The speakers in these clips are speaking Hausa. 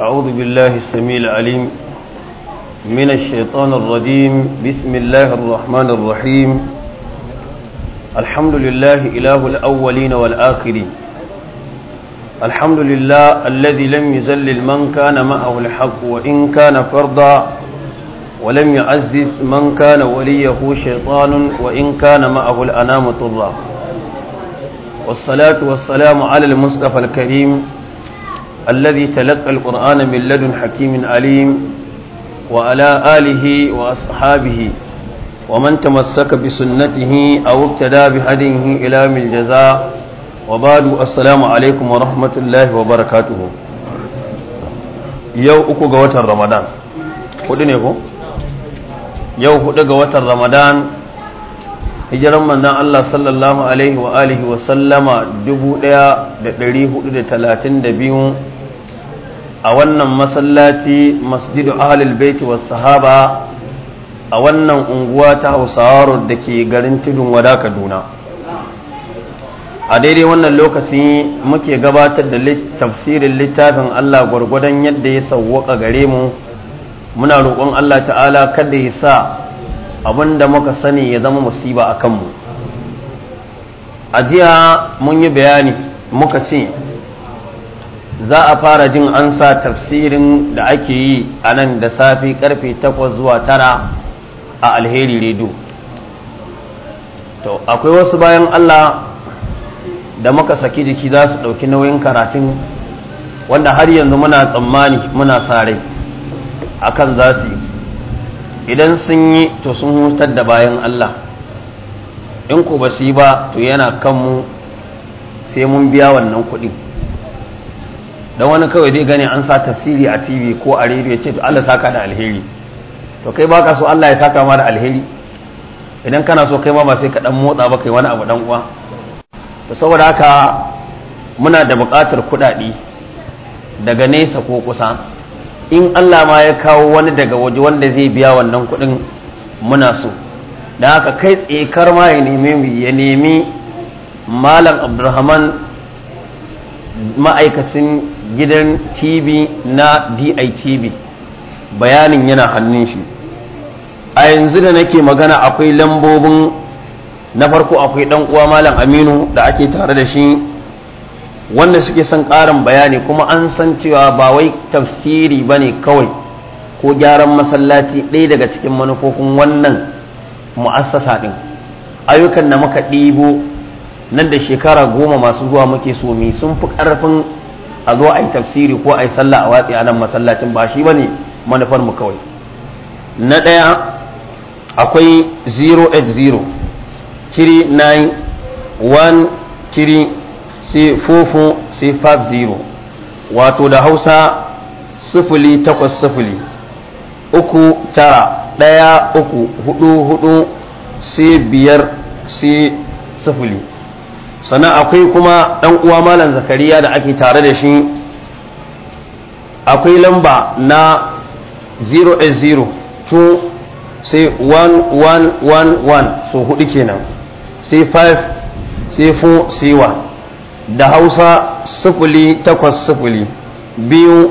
أعوذ بالله السميع العليم من الشيطان الرجيم بسم الله الرحمن الرحيم الحمد لله إله الأولين والآخرين الحمد لله الذي لم يزلل من كان معه الحق وإن كان فرضا ولم يعزز من كان وليه شيطان وإن كان معه الأنام طرا والصلاة والسلام على المصطفى الكريم الذي تلقى القرآن من لدن حكيم عليم وعلى آله وأصحابه ومن تمسك بسنته أو ابتدى بهديه إلى من الجزاء وبعد السلام عليكم ورحمة الله وبركاته يو أكو قوة رمضان قلت يو أكو قوة رمضان hijiran manzon Allah sallallahu alaihi wa alihi wa sallama 1432 a wannan masallaci masjidu ahlul baiti was sahaba a wannan unguwa ta Hausawa da ke garin Tudun Wada Kaduna a daidai wannan lokaci muke gabatar da tafsirin littafin Allah gwargwadon yadda ya sauwaka gare mu muna roƙon Allah ta'ala kada ya sa da muka sani ya zama musiba a kanmu a jiya mun yi bayani muka ce za a fara jin an sa tafsirin da ake yi a nan da safi karfe 8 zuwa tara a alheri redo to akwai wasu bayan allah da muka saki jiki za su ɗauki nauyin karatun wanda har yanzu muna tsammani muna sa rai akan za su yi idan sun yi to sun hutar da bayan Allah in ku ba su yi ba to yana kanmu sai mun biya wannan kuɗi don wani kawai zai gane an sa tafsiri a tv ko a rediyo ce to Allah saka da alheri to kai ba ka so Allah ya saka ma da alheri idan kana so kai ma ba sai ka dan motsa ba kai wani abu dan uwa to saboda haka muna da buƙatar kuɗaɗe daga nesa ko kusa in Allah ma ya kawo wani daga waje wanda zai biya wannan kuɗin muna so da haka kai tsaye kar ma ya nemi ya nemi malam abdulrahman ma'aikacin gidan tv na ditv bayanin yana hannun shi a yanzu da nake magana akwai lambobin na farko akwai dan uwa malam aminu da ake tare da shi wanda suke son ƙarin bayani kuma an san cewa ba wai tafsiri ba ne kawai ko gyaran masallaci ɗaya daga cikin manufofin wannan mu'assasa ɗin ayyukan da muka ɗibo nan da shekara goma masu zuwa muke so sun fi ƙarfin a zo a yi tafsiri ko a yi sallah a watsi a nan masallacin ba shi ba ne manufar mu kawai na ɗaya akwai 080 39 1 sai fofo sai 50 wato da hausa sifili takwas sifili uku tara ɗaya uku hudu hudu sai biyar sai sifili sannan akwai kuma ɗan uwa malam zakariya da ake tare da shi akwai lamba na 0 2 sai 1111 so hudu kenan sai 5 sai 4 sai 1 da hausa sufuli takwas sufuli biyu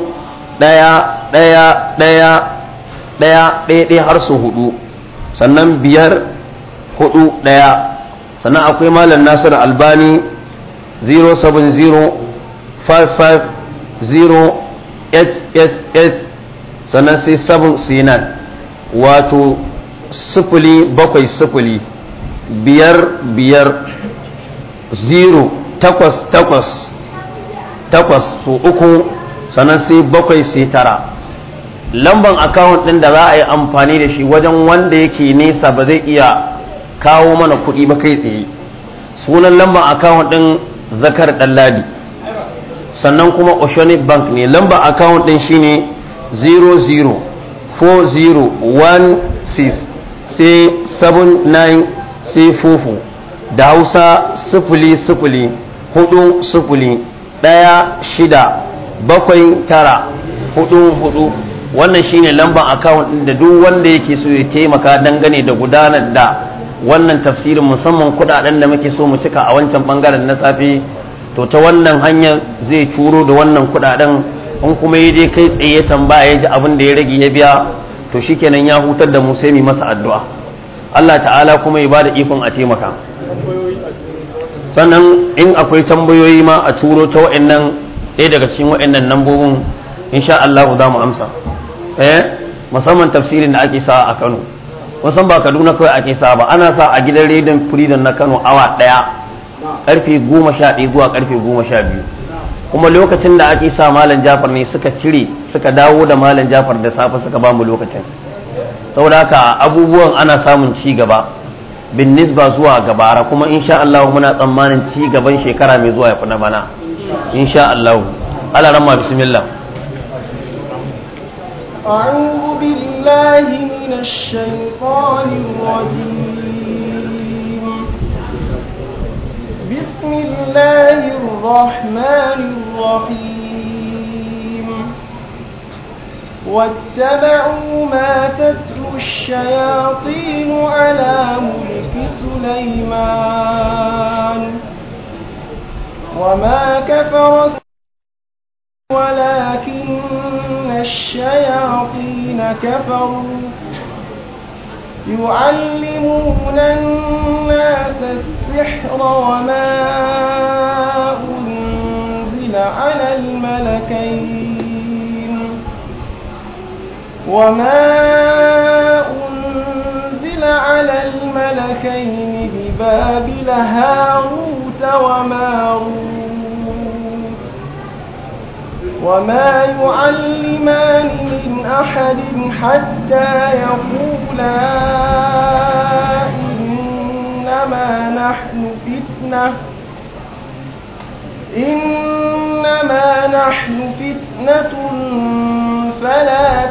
ɗaya ɗaya ɗaya ɗaya ɗaya ɗaya har su hudu sannan biyar hudu ɗaya sannan akwai malam nasir albani 070550888 sannan sai sabon sinan wato sufuli bakwai sufuli biyar biyar zero takwas takwas takwas su uku sannan sai bakwai sai tara lamban account ɗin da za a yi amfani da shi wajen wanda yake nesa ba zai iya kawo mana kuɗi ba kai tsaye sunan lamban account ɗin zakar ɗalladi sannan kuma oceanic bank ne lamban account ɗin shine 004016 sai 79 sai fufu da hausa sifili sifili hudu sufuli ɗaya shida bakwai tara hudu hudu wannan shine lambar akawun ɗin da duk wanda yake so ya taimaka dangane da gudanar da wannan tafsirin musamman kuɗaɗen da muke so mu cika a wancan bangaren na safe to ta wannan hanyar zai curo da wannan kuɗaɗen in kuma ya je kai tsaye ya tambaya ya ji abin da ya rage ya biya to shikenan ya hutar da mu sai mu masa addu'a Allah ta'ala kuma ya bada ikon a taimaka sannan in akwai tambayoyi ma a turo ta wa'annan ɗaya daga cikin wa'annan nambobin insha Allah za mu amsa eh musamman tafsirin da ake sa a Kano wasan ba Kaduna kawai ake sa ba ana sa a gidan rediyon Freedom na Kano awa ɗaya karfe goma ɗaya zuwa karfe goma sha biyu kuma lokacin da ake sa malam jafar ne suka cire suka dawo da malam jafar da safe suka bamu mu lokacin saboda haka abubuwan ana samun ci gaba bin nisba zuwa gabara kuma insha Allah muna tsammanin ci gaban shekara mai zuwa ya fi na bana insha Allah ala ramma bismillah أعوذ بالله من الشيطان الرجيم بسم الله الرحمن الرحيم واتبعوا ما تتلو الشياطين على ملك سليمان وما كفر ولكن الشياطين كفروا يعلمون الناس السحر وما أنزل على الملكين وما أنزل على الملكين ببابل هاروت وماروت وما يعلمان من أحد حتى يقولا إنما نحن فتنة إنما نحن فتنة فلا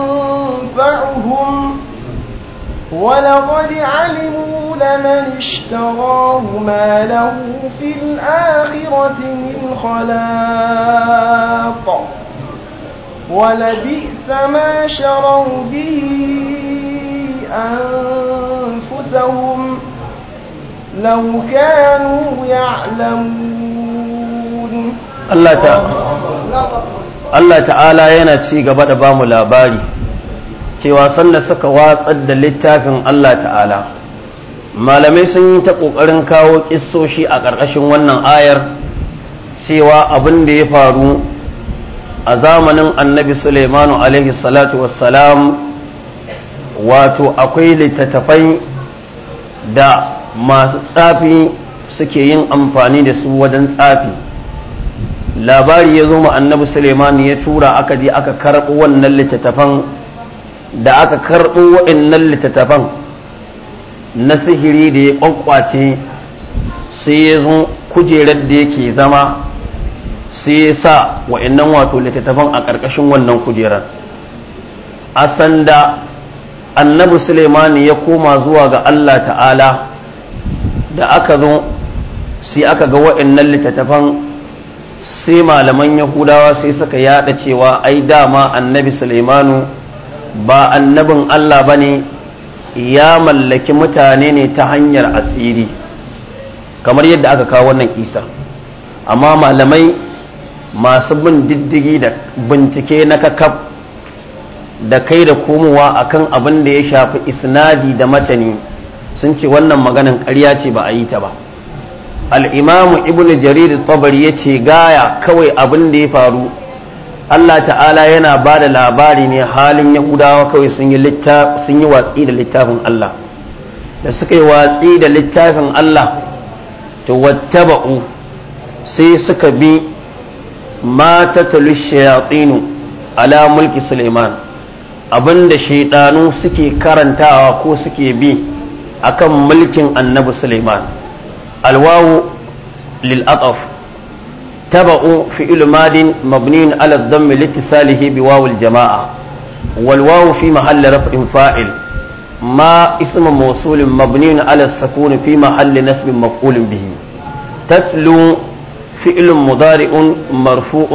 ينفعهم ولقد علموا لمن اشتراه ما له في الآخرة من خلاق ولبئس ما شروا به أنفسهم لو كانوا يعلمون الله تعالى الله تعالى ينتشي قبل بام الأباري cewa sanda suka watsar da littafin Allah ta'ala malamai sun yi ta ƙoƙarin kawo ƙissoshi a ƙarƙashin wannan ayar cewa abin da ya faru a zamanin annabi Suleimanu alaihi salatu wassalam wato akwai littattafai da masu tsafi suke yin amfani da su wajen tsafi labari ya zo annabi suleiman ya tura aka je aka karɓi wannan littattafan da aka karɓo waɗannan littattafan na sihiri da ya ƙwaƙwace sai ya zo kujerar da yake zama sai ya sa waɗannan wato littattafan a ƙarƙashin wannan kujerar a sanda annabi suleimani ya koma zuwa ga allah ta'ala da aka zo sai aka ga waɗannan littattafan sai malaman yahudawa sai suka yada cewa ai dama annabi suleimanu ba annabin Allah ba ne ya mallaki mutane ne ta hanyar asiri kamar yadda aka kawo wannan isa amma malamai masu bin diddigi da bincike na kakaf da kai da komowa akan abin da ya shafi isnadi da matani sun ce wannan maganan ƙarya ce ba a yi ta ba Al-Imamu ibn jarir tabari ya ce gaya kawai abin da ya faru Allah ta'ala yana ba da labari ne halin yahudawa kawai sun yi watsi da littafin Allah da suka yi watsi da littafin Allah to wattaba'u sai suka bi mata shayatinu ala mulki suleiman abinda shaidanu suke karantawa ko suke bi akan mulkin annabi suleiman alwawu lil'ataf تبعوا فعل ماد مبني على الضم لاتصاله بواو الجماعة والواو في محل رفع فاعل ما اسم موصول مبني على السكون في محل نسب مفعول به تتلو فعل مضارع مرفوع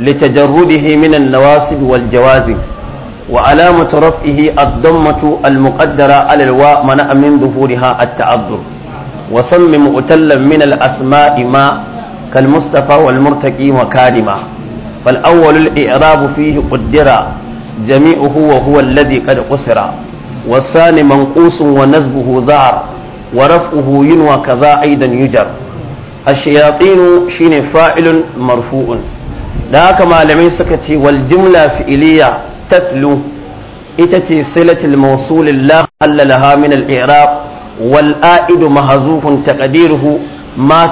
لتجرده من النواصب والجوازم وعلامة رفعه الضمة المقدرة على الواء منع من ظهورها التعذر وصمم أتلا من الأسماء ما كالمصطفى والمرتقي وكارما فالأول الإعراب فيه قدر جميعه وهو الذي قد قصر والثاني منقوص ونزبه ظهر ورفعه ينوى كذا أيضا يجر الشياطين شين فاعل مرفوع ذاك ما لم يسكتي والجملة فعلية تتلو إتتي صلة الموصول لا حل لها من الإعراب والآئد مهزوف تقديره ma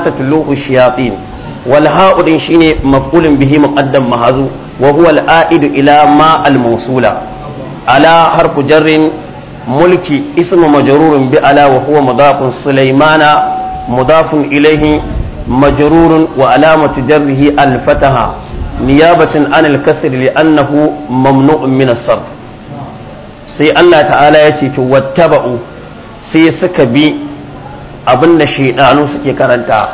tatluhu shayatin wal ha'u din shine maf'ulun bihi muqaddam mahazu wa huwa al ila ma al mawsula ala harfu jarrin mulki isma majarurin bi ala wa huwa mudafun sulaymana mudafun ilayhi majrurun wa alamatu jarrihi al fataha niyabatan an al kasr li annahu mamnu'un min as sai Allah ta'ala ya ce ki wattaba'u sai suka bi abin da shaidanu suke karanta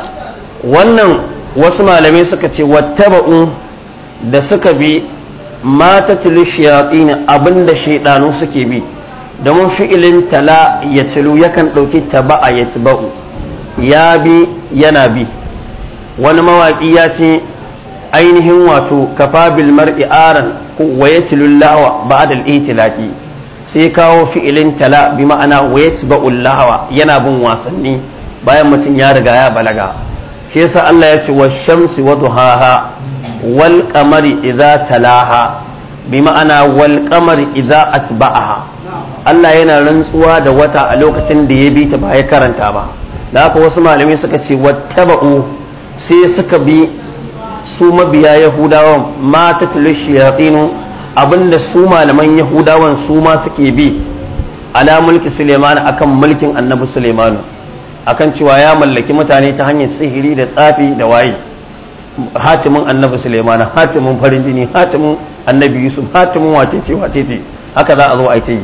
wannan wasu malamai suka ce wattaba'u da suka bi mata tilu shayatin abin da shaidanu suke bi domin fi'ilin tala ya tilu yakan ɗauki taba'a ya taba'u ya bi yana bi wani mawaƙi ya ce ainihin wato kafa bil mar'i aran wa ya tilu lawa ba'da al sai kawo fi'ilin tala bi ma'ana wayat ba'ul lahawa yana bin wasanni bayan mutum ya riga ya balaga shi yasa Allah ya ce wa shamsi wa duhaha wal qamari idza talaha bi ma'ana wal qamari idza atba'aha Allah yana rantsuwa da wata a lokacin da ya bi ta ba ya karanta ba da haka wasu malamai suka ce wattaba'u sai suka bi su mabiya yahudawa ma tatlu shayatinu abinda su malaman yahudawan su ma suke bi ala mulki suleiman akan mulkin annabi suleiman akan cewa ya mallaki mutane ta hanyar sihiri da tsafi da waye hatimin annabi suleiman hatimin farin jini hatimin annabi yusuf hatimin wace ce haka za a zo a yi ta yi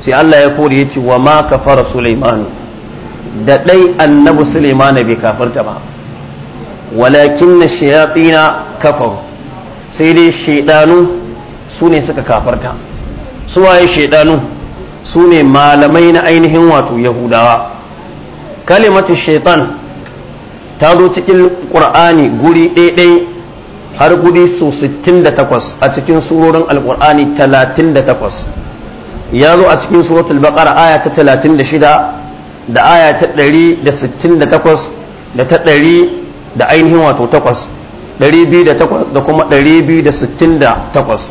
sai allah ya kore ya ce wa ma kafara suleiman da ɗai annabi suleiman bai kafarta ba walakin na shayatina kafaru sai dai shaidanu su ne suka kafarta su waye shaidanu su ne malamai na ainihin wato yahudawa kalimatu shaitan ta zo cikin ƙur'ani guri ɗaiɗai har guri su 68 a cikin surorin alƙur'ani 38 ya zo a cikin suratul baqara aya ta 36 da aya ta 168 da ta 100 da ainihin wato 8 biyu da kuma takwas.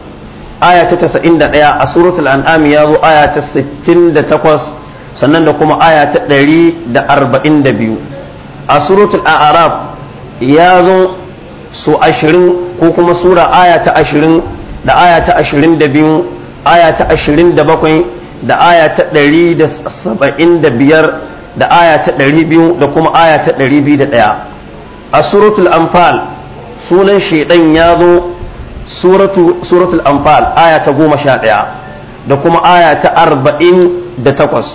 aya ta 91 a suratul an'am ya zo aya ta 68 sannan da kuma aya ta 142 a suratul a'raf ya zo su 20 ko kuma sura aya ta 20 da aya ta 22 aya ta 27 da aya ta 175 da aya ta 200 da kuma aya ta 201 a suratul anfal sunan shaidan ya zo suratu anfal aya ta goma sha ɗaya da kuma aya ta arba'in da takwas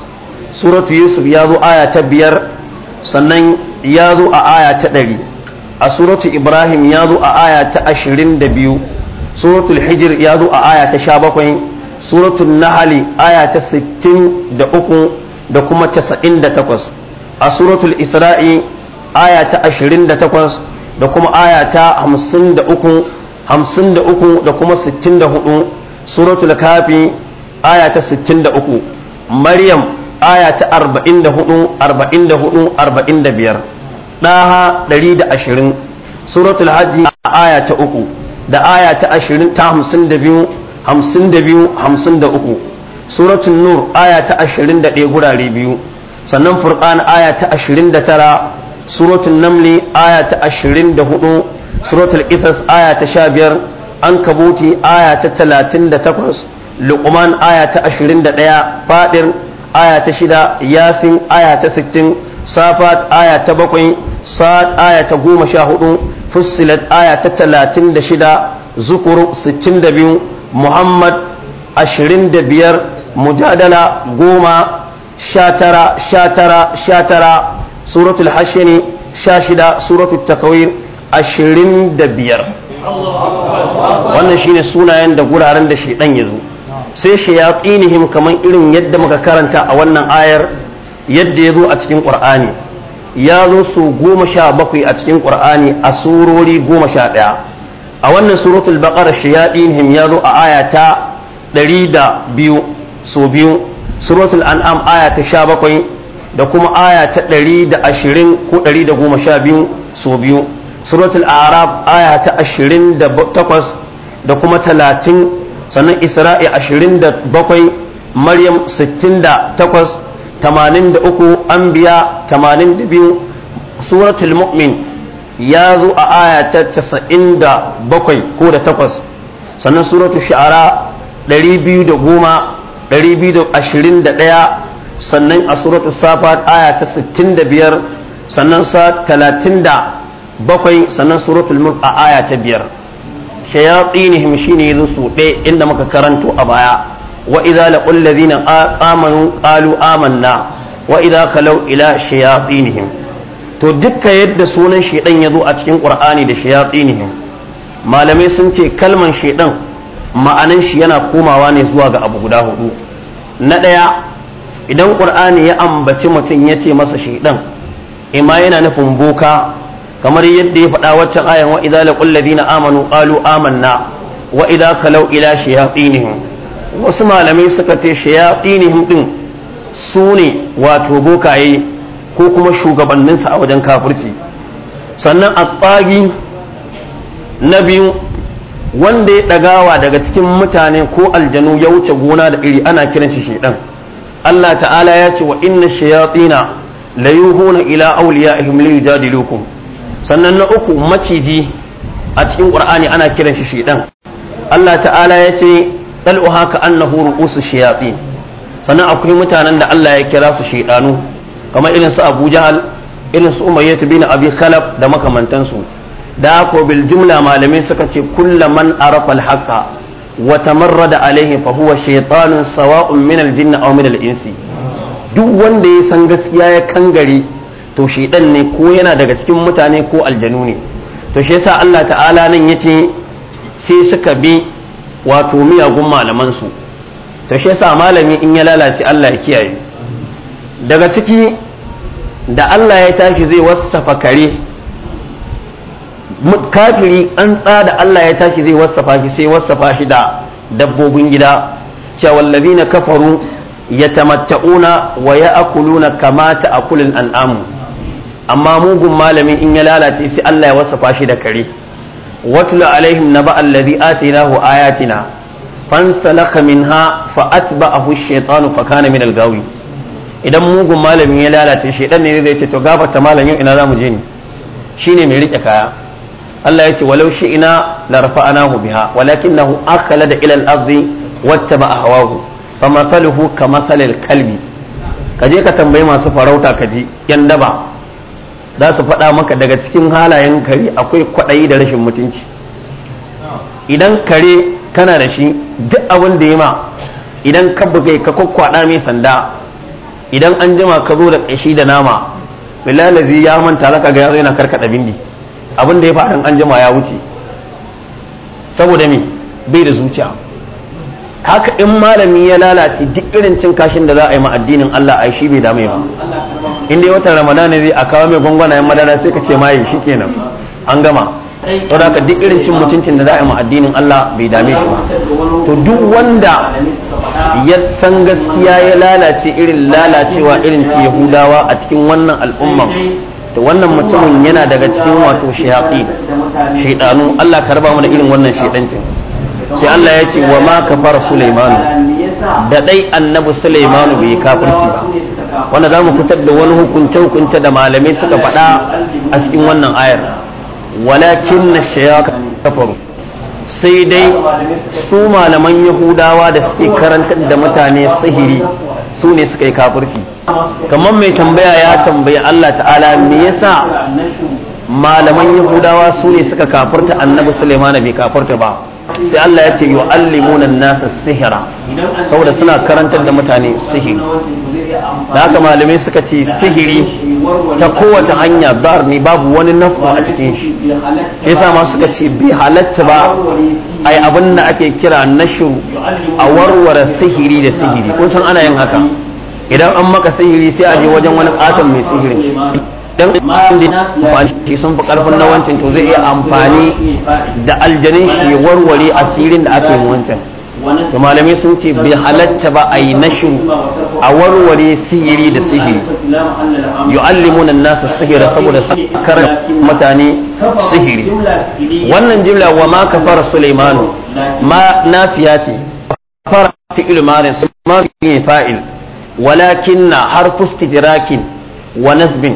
suratu yusuf ya zo aya ta biyar sannan ya zo a aya ta ɗari a suratu ibrahim ya zo a aya ta ashirin da biyu suratul hijir ya zo a aya ta sha bakwai suratul nahali aya ta sittin da uku da kuma tasa'in da takwas a suratul isra'i aya ta ashirin da takwas da kuma aya ta hamsin da uku hamsin da uku da kuma sittin da hudu suratul kafi aya ta sittin da uku maryam aya ta arba'in da hudu arba'in da hudu arba'in da biyar ɗaha ɗari da ashirin suratul hajji aya ta uku da aya ta ashirin ta hamsin da biyu hamsin da biyu hamsin da uku suratul nur aya ta ashirin da ɗaya gurare biyu sannan furqan aya ta ashirin da tara suratul namli aya ta ashirin da hudu suratul qisas aya ta sha biyar an kabuti talatin da takwas luqman aya ta ashirin da ɗaya faɗin aya shida yasin aya ta sittin safat aya bakwai sa'ad aya ta sha hudu fussilat aya talatin da shida zukuru sittin da biyu muhammad ashirin da biyar mujadala goma sha tara sha tara sha tara suratul hashini sha shida suratul takawir ashirin da biyar wannan shine sunayen da guraren da shaidan ya zo sai shayatinihim kamar irin yadda muka karanta a wannan ayar yadda ya zo a cikin ƙur'ani ya zo su goma sha bakwai a cikin ƙur'ani a surori goma sha ɗaya a wannan suratul baqara shi ya zo a ayata ta ɗari da biyu so biyu suratul an'am aya ta sha bakwai da kuma aya ta ɗari da ashirin ko ɗari da goma sha biyu so biyu suratul araf aya ta 28 da kuma 30 sannan isra'i 27 maryam 68 83 anbiya 82 suratul mu'min ya zo a aya ta 97 ko da 8 sannan suratul shu'ara 210 221 sannan a suratul safat aya ta 65 sannan sa 30 da bakwai sannan suratul mulk a aya ta biyar shayatinihim shine yanzu su ɗaya inda muka karanto a baya wa idza laqul ladina amanu qalu amanna wa idza khalau ila shayatinihim to dukkan yadda sunan ya yazo a cikin qur'ani da shayatinihim malamai sun ce kalman shedan ma'anan shi yana komawa ne zuwa ga abu guda hudu na ɗaya idan qur'ani ya ambaci mutum ya ce masa shedan ima yana nufin boka kamar yadda ya faɗa waccan ayan wa idza laqul ladina amanu qalu amanna wa idza ila shayatinihim wasu malamai suka ce shayatinihim din su ne wato bokaye ko kuma shugabanninsa a wajen kafirci sannan atsagi na biyu wanda ya ɗagawa daga cikin mutane ko aljanu ya wuce gona da iri ana kiran shi shedan Allah ta'ala ya ce wa inna shayatina la yuhuna ila awliya'ihim li yujadilukum sannan na uku maciji a cikin ƙur'ani ana kiran shi shedan Allah ta'ala ya ce dal'uha haka annahu ru'usu shayatin sannan akwai mutanen da Allah ya kira su shedanu kamar irin su Abu Jahal irin su Umayyah bin Abi Khalaf da makamantansu da ko bil jumla malamai suka ce kullu man arafa al-haqa wa tamarrada alaihi fa huwa shaytanun sawa'un min al-jinn aw min al-insi duk wanda ya san gaskiya ya kangare to ɗan ne ko yana daga cikin mutane ko aljanu ne to shi yasa Allah ta'ala nan yace sai suka bi wato miyagun malaman su to shi yasa malami in ya lalace Allah ya kiyaye daga ciki da Allah ya tashi zai wasafa kare kafiri an tsada Allah ya tashi zai wasafa shi sai wasafa shi da dabbobin gida cewa na kafaru yatamatta'una wa ya'kuluna kama ta'kulul an'am amma mugun malamin in ya lalace sai Allah ya wasafa shi da kare watlu alaihim naba allazi atinahu ayatina fansalakha minha fa atba'ahu ash-shaytanu fa kana min al-gawi idan mugun malamin ya lalace shedan ne zai ce to gafarta malamin yau ina zamu je ni shine mai rike kaya Allah ya ce walau shi'ina la rafa'nahu biha walakinahu da ila al-ardi wattaba'a hawahu ka kamasalil kalbi kaje ka tambayi masu farauta kaji yan daba za su faɗa maka daga cikin halayen kare akwai kwaɗayi da rashin mutunci idan kare kana da shi duk abin da ya ma idan ka buga ka kwakwada mai sanda idan an jima ka zo da ƙashi da nama bilalazi ya manta laka ga yazo yana karkada bindi abin da ya faɗin an jima ya wuce saboda me bai da zuciya haka in malami ya lalace duk irin cin kashin da za a yi ma addinin Allah ai shi bai dame ba in dai watan ramadan ne a kawo mai gwangwanayen madara sai ka ce maye shikenan an gama to da duk irin cin mutuncin da za a yi addinin Allah bai dame shi ba to duk wanda ya san gaskiya ya lalace irin lalacewa irin ta yahudawa a cikin wannan al'umma to wannan mutumin yana daga cikin wato shayaƙi shaidanu Allah ka raba mu da irin wannan shaidancin sai Allah ya ce wa ma kafara Sulaiman da dai annabi Sulaiman bai kafirci ba wanda za mu fitar da wani hukunce hukunce da malamai suka faɗa a cikin wannan ayar walakin na kafaru sai dai su malaman yahudawa da suke karantar da mutane sihiri su ne suka yi kafirci kamar mai tambaya ya tambayi Allah ta'ala me yasa malaman yahudawa su ne suka kafirta annabi suleiman bai kafirta ba sai Allah ya ce yu'allimuna nasa sihira saboda suna karantar da mutane sihiri da haka malamai suka ce sihiri ta kowace hanya bar ne babu wani nafa a cikin shi yasa ma suka ce bi halatta ba ai abin da ake kira nashu a warware sihiri da sihiri kun san ana yin haka idan an maka sihiri sai a je wajen wani katon mai sihirin dan amfani sun fi karfin na wancan to zai iya amfani da aljanin shi warware asirin da ake wancan to malamai sun ce bai halatta ba a yi nashin a warware sihiri da sihiri yu'allimuna nasa sihira saboda sakar mutane sihiri wannan jimla wa ma kafara sulaimanu ma nafiya ce kafara fi'il marin ma fi'il fa'il walakinna harfu istidrakin wa nasbin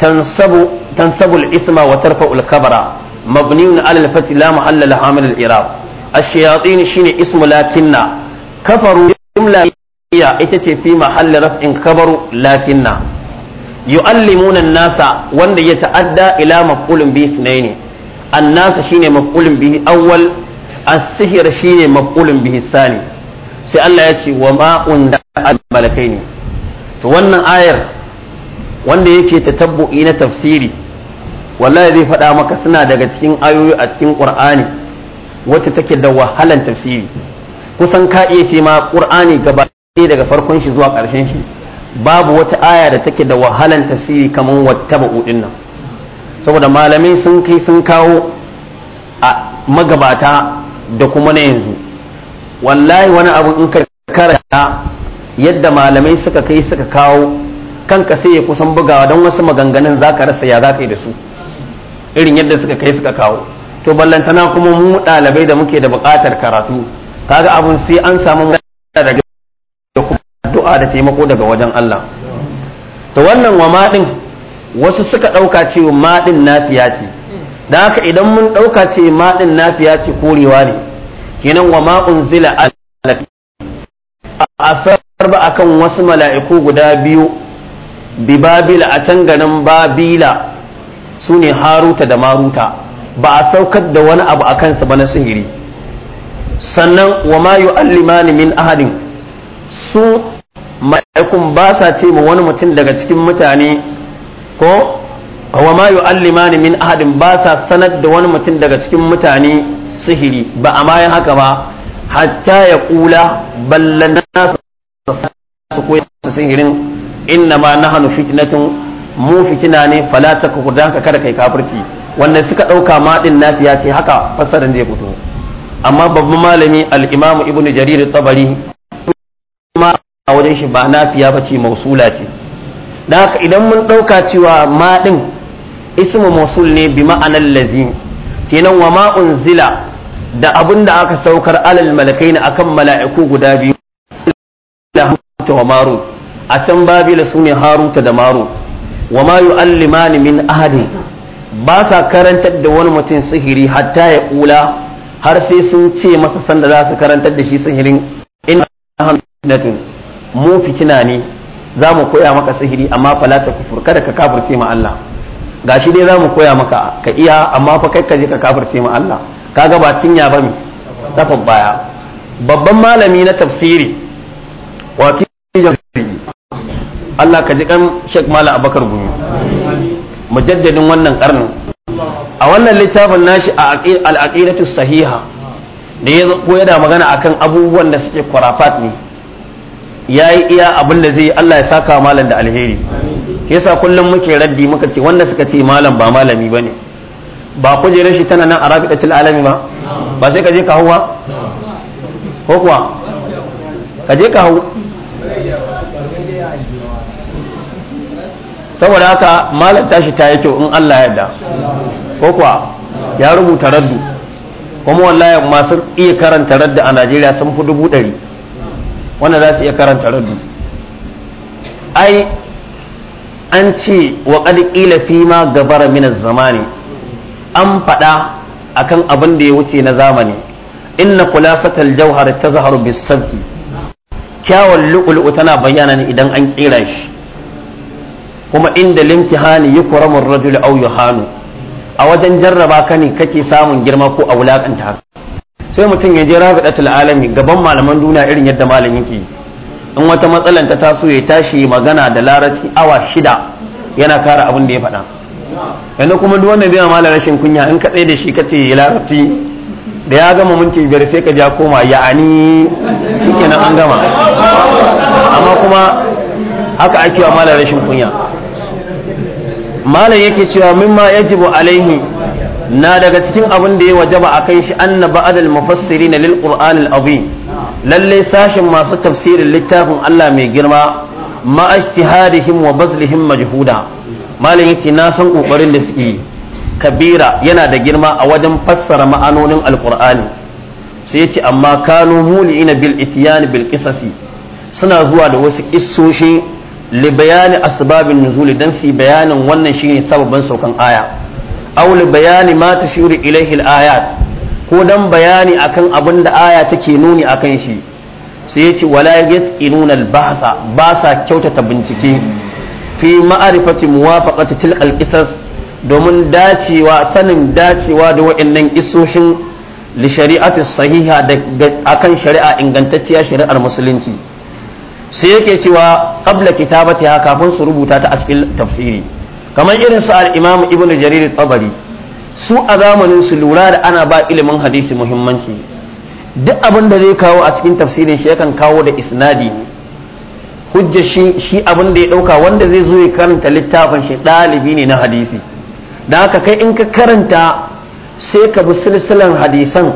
tansabu isma wa tarfa'u al-khabara mabniun ala al-fath la mahalla lahu min irab الشياطين شين اسم لكن كفروا جملة ita ce fi mahalli raf'in kabaru lakinna yu'allimuna nasa wanda ya ta'adda ila maf'ulin bihi sunaini annasa shine maf'ulin bihi awwal as-sihr shine maf'ulin bihi sani sai Allah ya ce wa ma unda al-malakaini to wannan ayar wanda yake tatabbu'i na tafsiri wallahi zai faɗa maka suna daga cikin ayoyi a cikin Qur'ani wacce take da wahalan tafsiri kusan ka iya ce ma qur'ani gaba daga farkon shi zuwa ƙarshen shi babu wata aya da take da wahalan tafsiri kamar wattaba'u din nan saboda malamai sun kai sun kawo a magabata da kuma na yanzu wallahi wani abu in ka karanta yadda malamai suka kai suka kawo kanka sai ya kusan bugawa don wasu maganganun za ka rasa ya za yi da su irin yadda suka kai suka kawo to ballantana kuma mu dalibai da muke da buƙatar karatu kaga abun sai an samu daga da kuma addu'a da taimako daga wajen Allah to wannan wa maɗin wasu suka ɗauka cewa maɗin nafiya ce da haka idan mun ɗauka ce maɗin nafiya ce korewa ne kenan wa ma unzila alafi a asar ba akan wasu mala'iku guda biyu bi babila a can ganin babila sune haruta da maruta ba a saukar da wani abu a kansa ba na sihiri sannan wa ma allimani min ahadin su ma'aikun ba sa ce ma wani mutum daga cikin mutane ko wa ma allimani min ahadin ba sa sanar da wani mutum daga cikin mutane sihiri ba a mayan haka ba hatta ya kula ballan nasu su koyi sihirin inna ma nahnu fitnatun mu fitina ne fala takhudan ka kada kai kafirci wanda suka ɗauka maɗin nafiya ce haka fassara zai fito amma babban malami al'imamu ibnu jarir tabari ma a wajen shi ba nafiya ba ce mausula ce da haka idan mun ɗauka cewa maɗin ismu mausul ne bi ma'anar lazi kenan wa ma'un zila da abin da aka saukar alal malakai na akan mala'iku guda biyu maru a can babila su ne haruta da maru wa ma yu'allimani min ahadin ba sa karantar da wani mutum sihiri hatta ya kula har sai sun ce masa sanda za su karantar da shi sihirin in hamdatun mu fitina ne za mu koya maka sihiri amma fala ta kufur kada ka kafirce ma Allah gashi dai za mu koya maka ka iya amma fa kai ka je ka kafirce ma Allah kaga ba cinya ba mi kafa baya babban malami na tafsiri wato Allah ka ji kan Sheikh Malam Abubakar Gumi mujaddadin wannan karnin a wannan littafin nashi a al'aqidatu sahiha da ya ko yana magana akan abubuwan da suke kurafat ne yayi iya abin da zai Allah ya saka malam da alheri yasa kullum muke raddi muka ce wanda suka ce malam ba malami bane ba kujerar shi tana nan a rafiqatul alami ba ba sai ka je ka hau ba ko kuwa ka je ka hau saboda haka malam tashi ta yi kyau in Allah ya yarda ko kuwa ya rubuta raddu kuma wallahi masu iya karanta raddu a Najeriya sun fi dubu ɗari wanda za su iya karanta raddu ai an ce wa qad qila fi ma gabara min zamani an faɗa akan abin da ya wuce na zamani inna khulasatal jawhar tazharu bis sabki kyawun lu'ulu'u tana bayyana ne idan an kira shi kuma inda limtihani yukramu ar-rajulu aw yuhanu a wajen jarraba ka ne kake samun girma ko a wulakanta haka sai mutum ya je rabidatul alami gaban malaman duniya irin yadda malamin ke in wata matsalan ta taso ya tashi magana da larabci awa shida yana kara abin da ya faɗa yanzu kuma duk wanda bai mala rashin kunya in ka tsaye da shi kace ce larabci da ya gama minti biyar sai ka ja koma ya'ani shikenan an gama amma kuma haka ake wa mala rashin kunya malam yake cewa mimma yajibu alaihi na daga cikin abin da ya wajaba a kan shi anna ba'dal mufassirin lil qur'an al azim lalle sashin masu tafsirin littafin Allah mai girma ma ijtihadihim wa bazlihim majhuda malam yake na san kokarin da suke kabira yana da girma a wajen fassara ma'anonin alqur'ani sai yace amma kanu ina bil ityan bil qisasi suna zuwa da wasu kissoshi li bayani asbabin nuzuli dan su bayanin wannan shine sababin saukan aya aw li bayani ma tashiru ilaihi al-ayat ko dan bayani akan abin da aya take nuni akan shi sai yace wala yasqinuna inuna ba sa kyautata bincike fi ma'arifati muwafaqati tilkal qisas domin dacewa sanin dacewa da wa'annan isoshin li shari'ati sahiha akan shari'a ingantacciya shari'ar musulunci sai yake cewa qabla ha kafin su rubuta ta a cikin tafsiri kamar irin su al-Imam Ibn Jarir tabari su a zamanin su lura da ana ba ilimin hadisi muhimmanci duk abin da zai kawo a cikin tafsirin shi yakan kawo da isnadi hujja shi shi abin da ya dauka wanda zai zo ya karanta littafin shi dalibi ne na hadisi da haka kai in ka karanta sai ka bi silsilan hadisan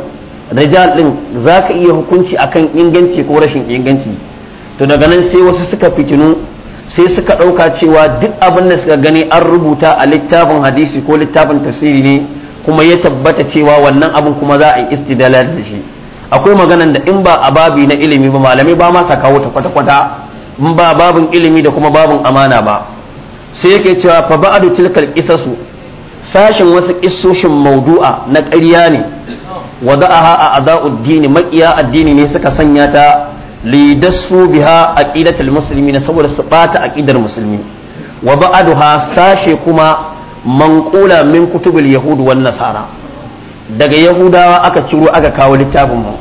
rijal din zaka iya hukunci akan inganci ko rashin inganci to daga nan sai wasu suka fitinu sai suka ɗauka cewa duk abin da suka gani an rubuta a littafin hadisi ko littafin tafsiri ne kuma ya tabbata cewa wannan abin kuma za a yi istidalal da shi akwai maganan da in ba a babi na ilimi ba malamai ba ma kawo ta kwata-kwata in ba babin ilimi da kuma babin amana ba sai yake cewa fa ba'adu tilkal qisasu sashin wasu qissoshin maudu'a na ƙarya ne wada'aha a aza'ud din makiya addini ne suka sanya ta li dasu biha aqidatul muslimina saboda su bata aqidar musulmi wa ba'daha sashe kuma manqula min kutubul yahud wan nasara daga yahudawa aka ciro aka kawo littafin mu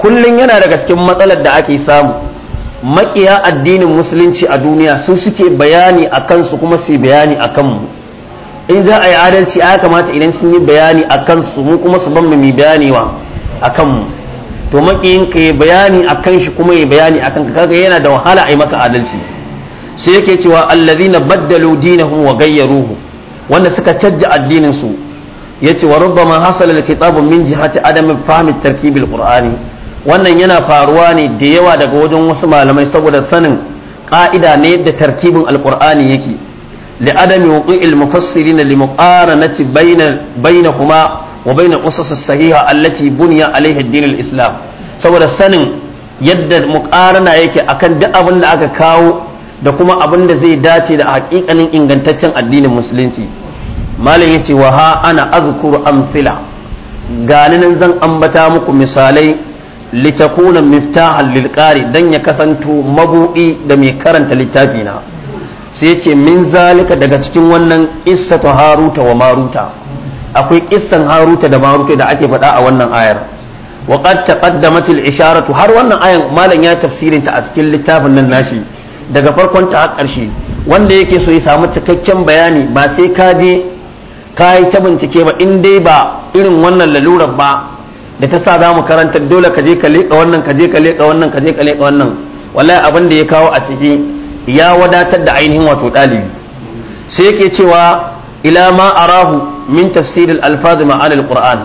kullun yana daga cikin matsalar da ake samu makiya addinin musulunci a duniya su suke bayani a kansu kuma su bayani a kanmu in za a yi adalci ya kamata idan sun yi bayani a kansu mu kuma su bamu mai bayani a kanmu to makiyin ka yi bayani akan shi kuma yi bayani akan ka kaga yana da wahala a yi maka adalci sai yake cewa alladhina baddalu dinahum wa gayyaruhu wanda suka canja addinin su ce wa rubbama hasala alkitabu min jihati adami fahmi tarkibil qur'ani wannan yana faruwa ne da yawa daga wajen wasu malamai saboda sanin ka'ida ne da tartibin alqur'ani yake لعدم وقوع المفسرين لمقارنة baina بينهما wa bayna usas sahiha allati buniya alaihi dinul islam saboda sanin yadda muqarana yake akan duk abin da aka kawo da kuma abin da zai dace da hakikanin ingantaccen addinin musulunci malam yace wa ha ana azkuru amsila gani nan zan ambata muku misalai litakuna miftahan lilqari dan ya kasanto mabudi da mai karanta littafi na sai yace min zalika daga cikin wannan qissatu haruta wa maruta akwai kissan haruta da maruta da ake faɗa a wannan ayar wa qad taqaddamat al isharatu har wannan ayan malam ya tafsirin ta a cikin littafin nan nashi daga farkon ta har ƙarshe wanda yake so ya samu cikakken bayani ba sai ka je ka yi ta bincike ba in dai ba irin wannan lalurar ba da ta sa za mu karanta dole ka je ka leƙa wannan ka je ka leƙa wannan ka je ka leƙa wannan wallahi abin da ya kawo a ciki ya wadatar da ainihin wato ɗalibi sai yake cewa ila ma arahu min tafsirin alfaz al qur'an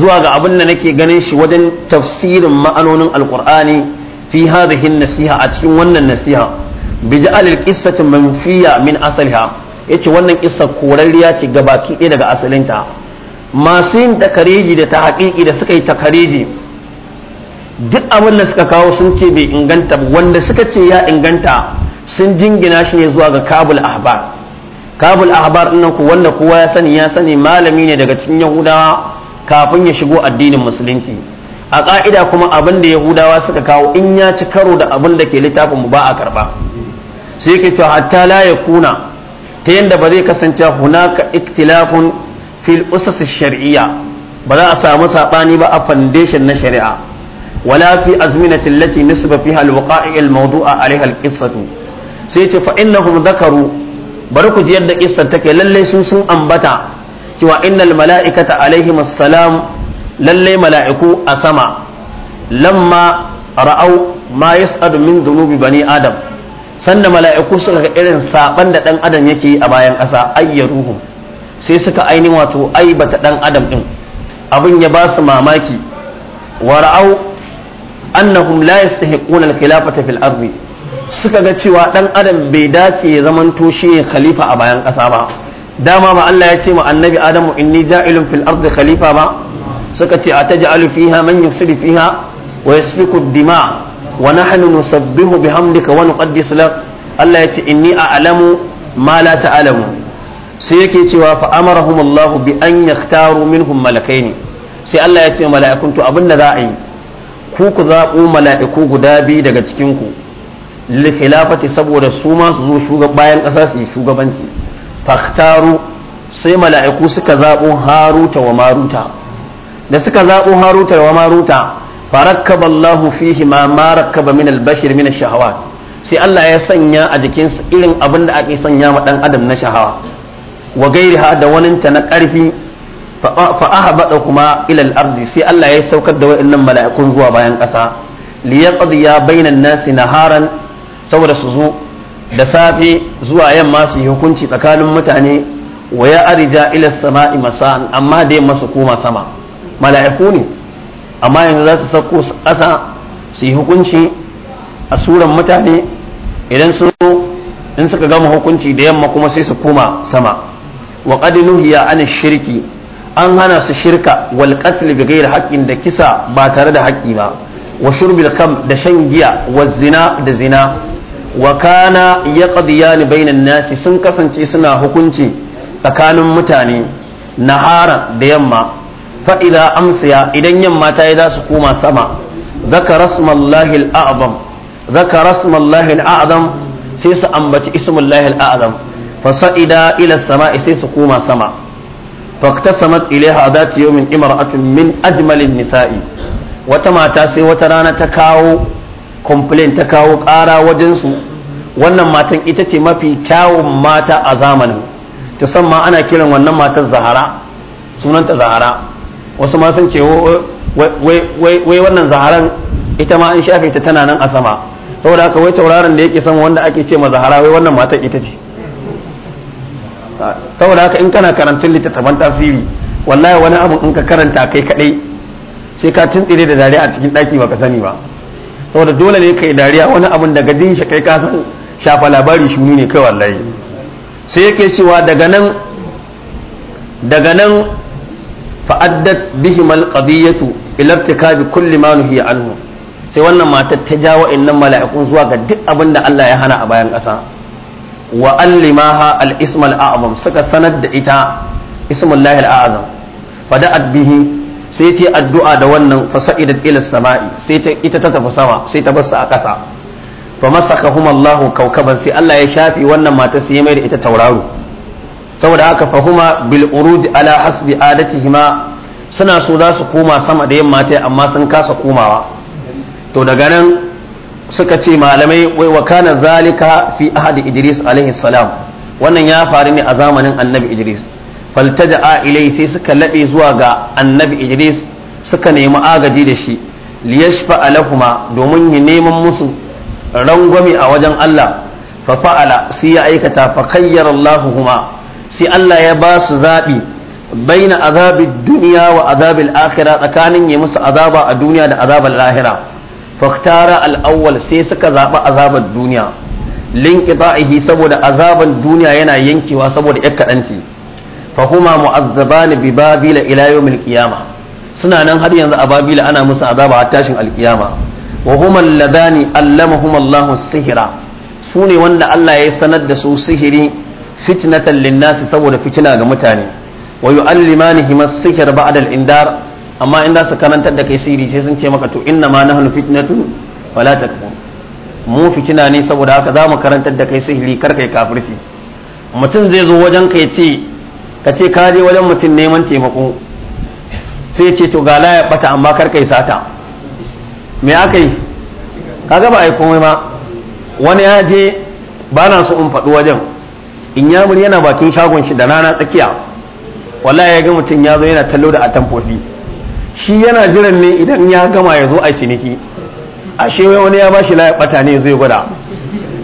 zuwa ga abin da nake ganin shi wajen tafsirin ma'anonin al-qur'ani fi hadhihi nasiha a cikin wannan nasiha bi ja'al al-qissati manfiya min asliha yace wannan kissa korariya ce ga baki ɗaya daga asalinta masu yin takareji da ta haƙiƙi da suka yi takariji duk abin da suka kawo sun ce bai inganta wanda suka ce ya inganta sun jingina shi ne zuwa ga kabul ahbar kabul ahbar ɗin ku wanda kowa ya sani ya sani malami ne daga cikin yahudawa kafin ya shigo addinin musulunci a ƙa'ida kuma abin da yahudawa suka kawo in ya ci karo da abin da ke littafin mu ba a karba sai yake cewa hatta la yakuna ta yanda ba zai kasance hunaka iktilafun fil usas shar'iyya ba za a samu sabani ba a foundation na shari'a wala fi azminati allati nisba fiha alwaqa'i almawdu'a alaiha alqissatu sai ce fa innahum dhakaru bari ku ji yadda kissar take lallai su sun ambata cewa innal mala'ikata alaihim assalam lallai mala'iku a sama lamma ra'au ma yas'adu min dhunubi bani adam sanda mala'iku suka ga irin saban da dan adam yake a bayan ƙasa ayyaruhu sai suka aini wato aibata dan adam din abin ya ba su mamaki wa ra'au annahum la yastahiquna al-khilafata fil ardi suka ga cewa ɗan adam bai dace ya zamanto shi khalifa a bayan ƙasa ba dama ba Allah ya ce ma annabi adamu inni ja'ilun fil ardi khalifa ba suka ce ataj'alu fiha man yufsidu fiha wa yasfiku dima wa nahnu nusabbihu bihamdika wa nuqaddisu lak Allah ya ce inni a'lamu ma la ta'lamu sai yake cewa fa amarahum Allah bi an yaktaru minhum malakaini sai Allah ya ce mala'ikun to abinda za a yi ku ku zaɓo mala'iku guda biyu daga cikin ku lilkhilafati saboda su ma su zo shugaban bayan kasa su yi shugabanci faktaru sai mala'iku suka zaɓo haruta wa maruta da suka zaɓo haruta wa maruta farakkaba fihi ma marakkaba min albashir min shahawat sai Allah ya sanya a jikinsa irin abin da ake sanya ma dan adam na shahawa wa gairiha da waninta na karfi fa ahabada kuma ilal ardi sai Allah ya saukar da wa'annan mala'ikun zuwa bayan ƙasa liyaqdiya bainan nasi naharan saboda su zo da safe zuwa yamma su yi hukunci tsakanin mutane wa ya arija ila sama'i masa'an amma da yamma su koma sama mala'iku ne amma yanzu za su sauko ƙasa su yi hukunci a suran mutane idan sun zo in suka gama hukunci da yamma kuma sai su koma sama wa qad nuhiya an shirki an hana su shirka wal qatl bi ghairi haqqin da kisa ba tare da haƙƙi ba wa shurbil kam da shan giya wa zina da zina wa kana yaqdiyani bainan nasi sun kasance suna hukunci tsakanin mutane na'ara da yamma fa'ida idza amsiya idan yamma ta yi za su koma sama zakara rasmallahi al-a'zam rasmallahi sai su ambaci ismullahi al-a'zam fa sa'ida ila sama'i sai su koma sama faktasamat ilaiha zati yawmin imra'atun min ajmalin nisa'i wata mata sai wata rana ta kawo complain ta kawo ƙara wajensu wannan matan ita ce mafi kyawun mata a zamanin ta san ma ana kiran wannan matan zahara sunanta zahara wasu ma sun ce oh, oh, wai wannan zaharan ita ma an shafe ta tana nan a sama saboda haka wai tauraron da yake sama wanda ake ce ma zahara wai wannan matan ita ce saboda haka in kana karantun littattafan tasiri wallahi wani abu in ka karanta kai kadai sai ka tuntsire da dare a cikin daki baka sani ba saboda dole ne kai dariya wani abin daga din shi kai kasan shafa labari shi ne kai wallahi sai yake cewa daga nan daga nan fa'addat bihim alqadiyatu ila irtikabi kulli ma nuhiya anhu sai wannan matar ta ja wa'annan mala'ikun zuwa ga duk abin da Allah ya hana a bayan ƙasa wa allimaha al-ismal a'zam suka sanar da ita ismullahi al-a'zam fada'at bihi sai ta yi addu'a da wannan fasa'idat ila sama'i sai ta ita ta tafi sama sai ta bar a kasa fa masakahum Allah kaukaban sai Allah ya shafi wannan mata sai ya mai da ita tauraro saboda haka fahuma bil uruj ala hasbi adatihima suna so za su koma sama da yamma ta amma sun kasa komawa to daga nan suka ce malamai wai wa kana zalika fi ahadi idris alaihi salam wannan ya faru ne a zamanin annabi idris faltaja'a ilai sai suka laɓe zuwa ga annabi idris suka nemi agaji da shi liyashfa alahuma domin yi neman musu rangwami a wajen Allah fa fa'ala sai ya aikata fa kayyar huma sai Allah ya ba su zaɓi baina azabin duniya wa azabil akhira tsakanin ya musu azaba a duniya da azabar lahira faktara al'awwal sai suka zaɓi azabar duniya linki saboda azaban duniya yana yankewa saboda 'yar kaɗanci fahuma mu'azzabani bi babila ila yawmil suna nan har yanzu a babila ana musu azaba har tashin alkiyama wa huma alladani allamahum sihira su ne wanda Allah ya sanar da su sihiri fitnatan linnasi saboda fitina ga mutane wa yu'allimanihim as-sihr ba'da al-indar amma in za su karantar da kai sihiri sai sun ce maka to inna ma nahnu fitnatun wala takfur mu fitina ne saboda haka za mu karantar da kai sihiri kar kai kafirci mutum zai zo wajen kai ce ka ce ka je wajen mutum neman taimako sai ce to gala ya bata amma kar kai sata me aka yi kaga ba a yi komai ma wani ya je ba na so in faɗi wajen in ya yana bakin shagon shi da rana tsakiya wallahi ya ga mutum ya zo yana tallo da atamfofi shi yana jiran ne idan ya gama ya zo a ciniki ashe wani ya ba shi laya bata ne zai gwada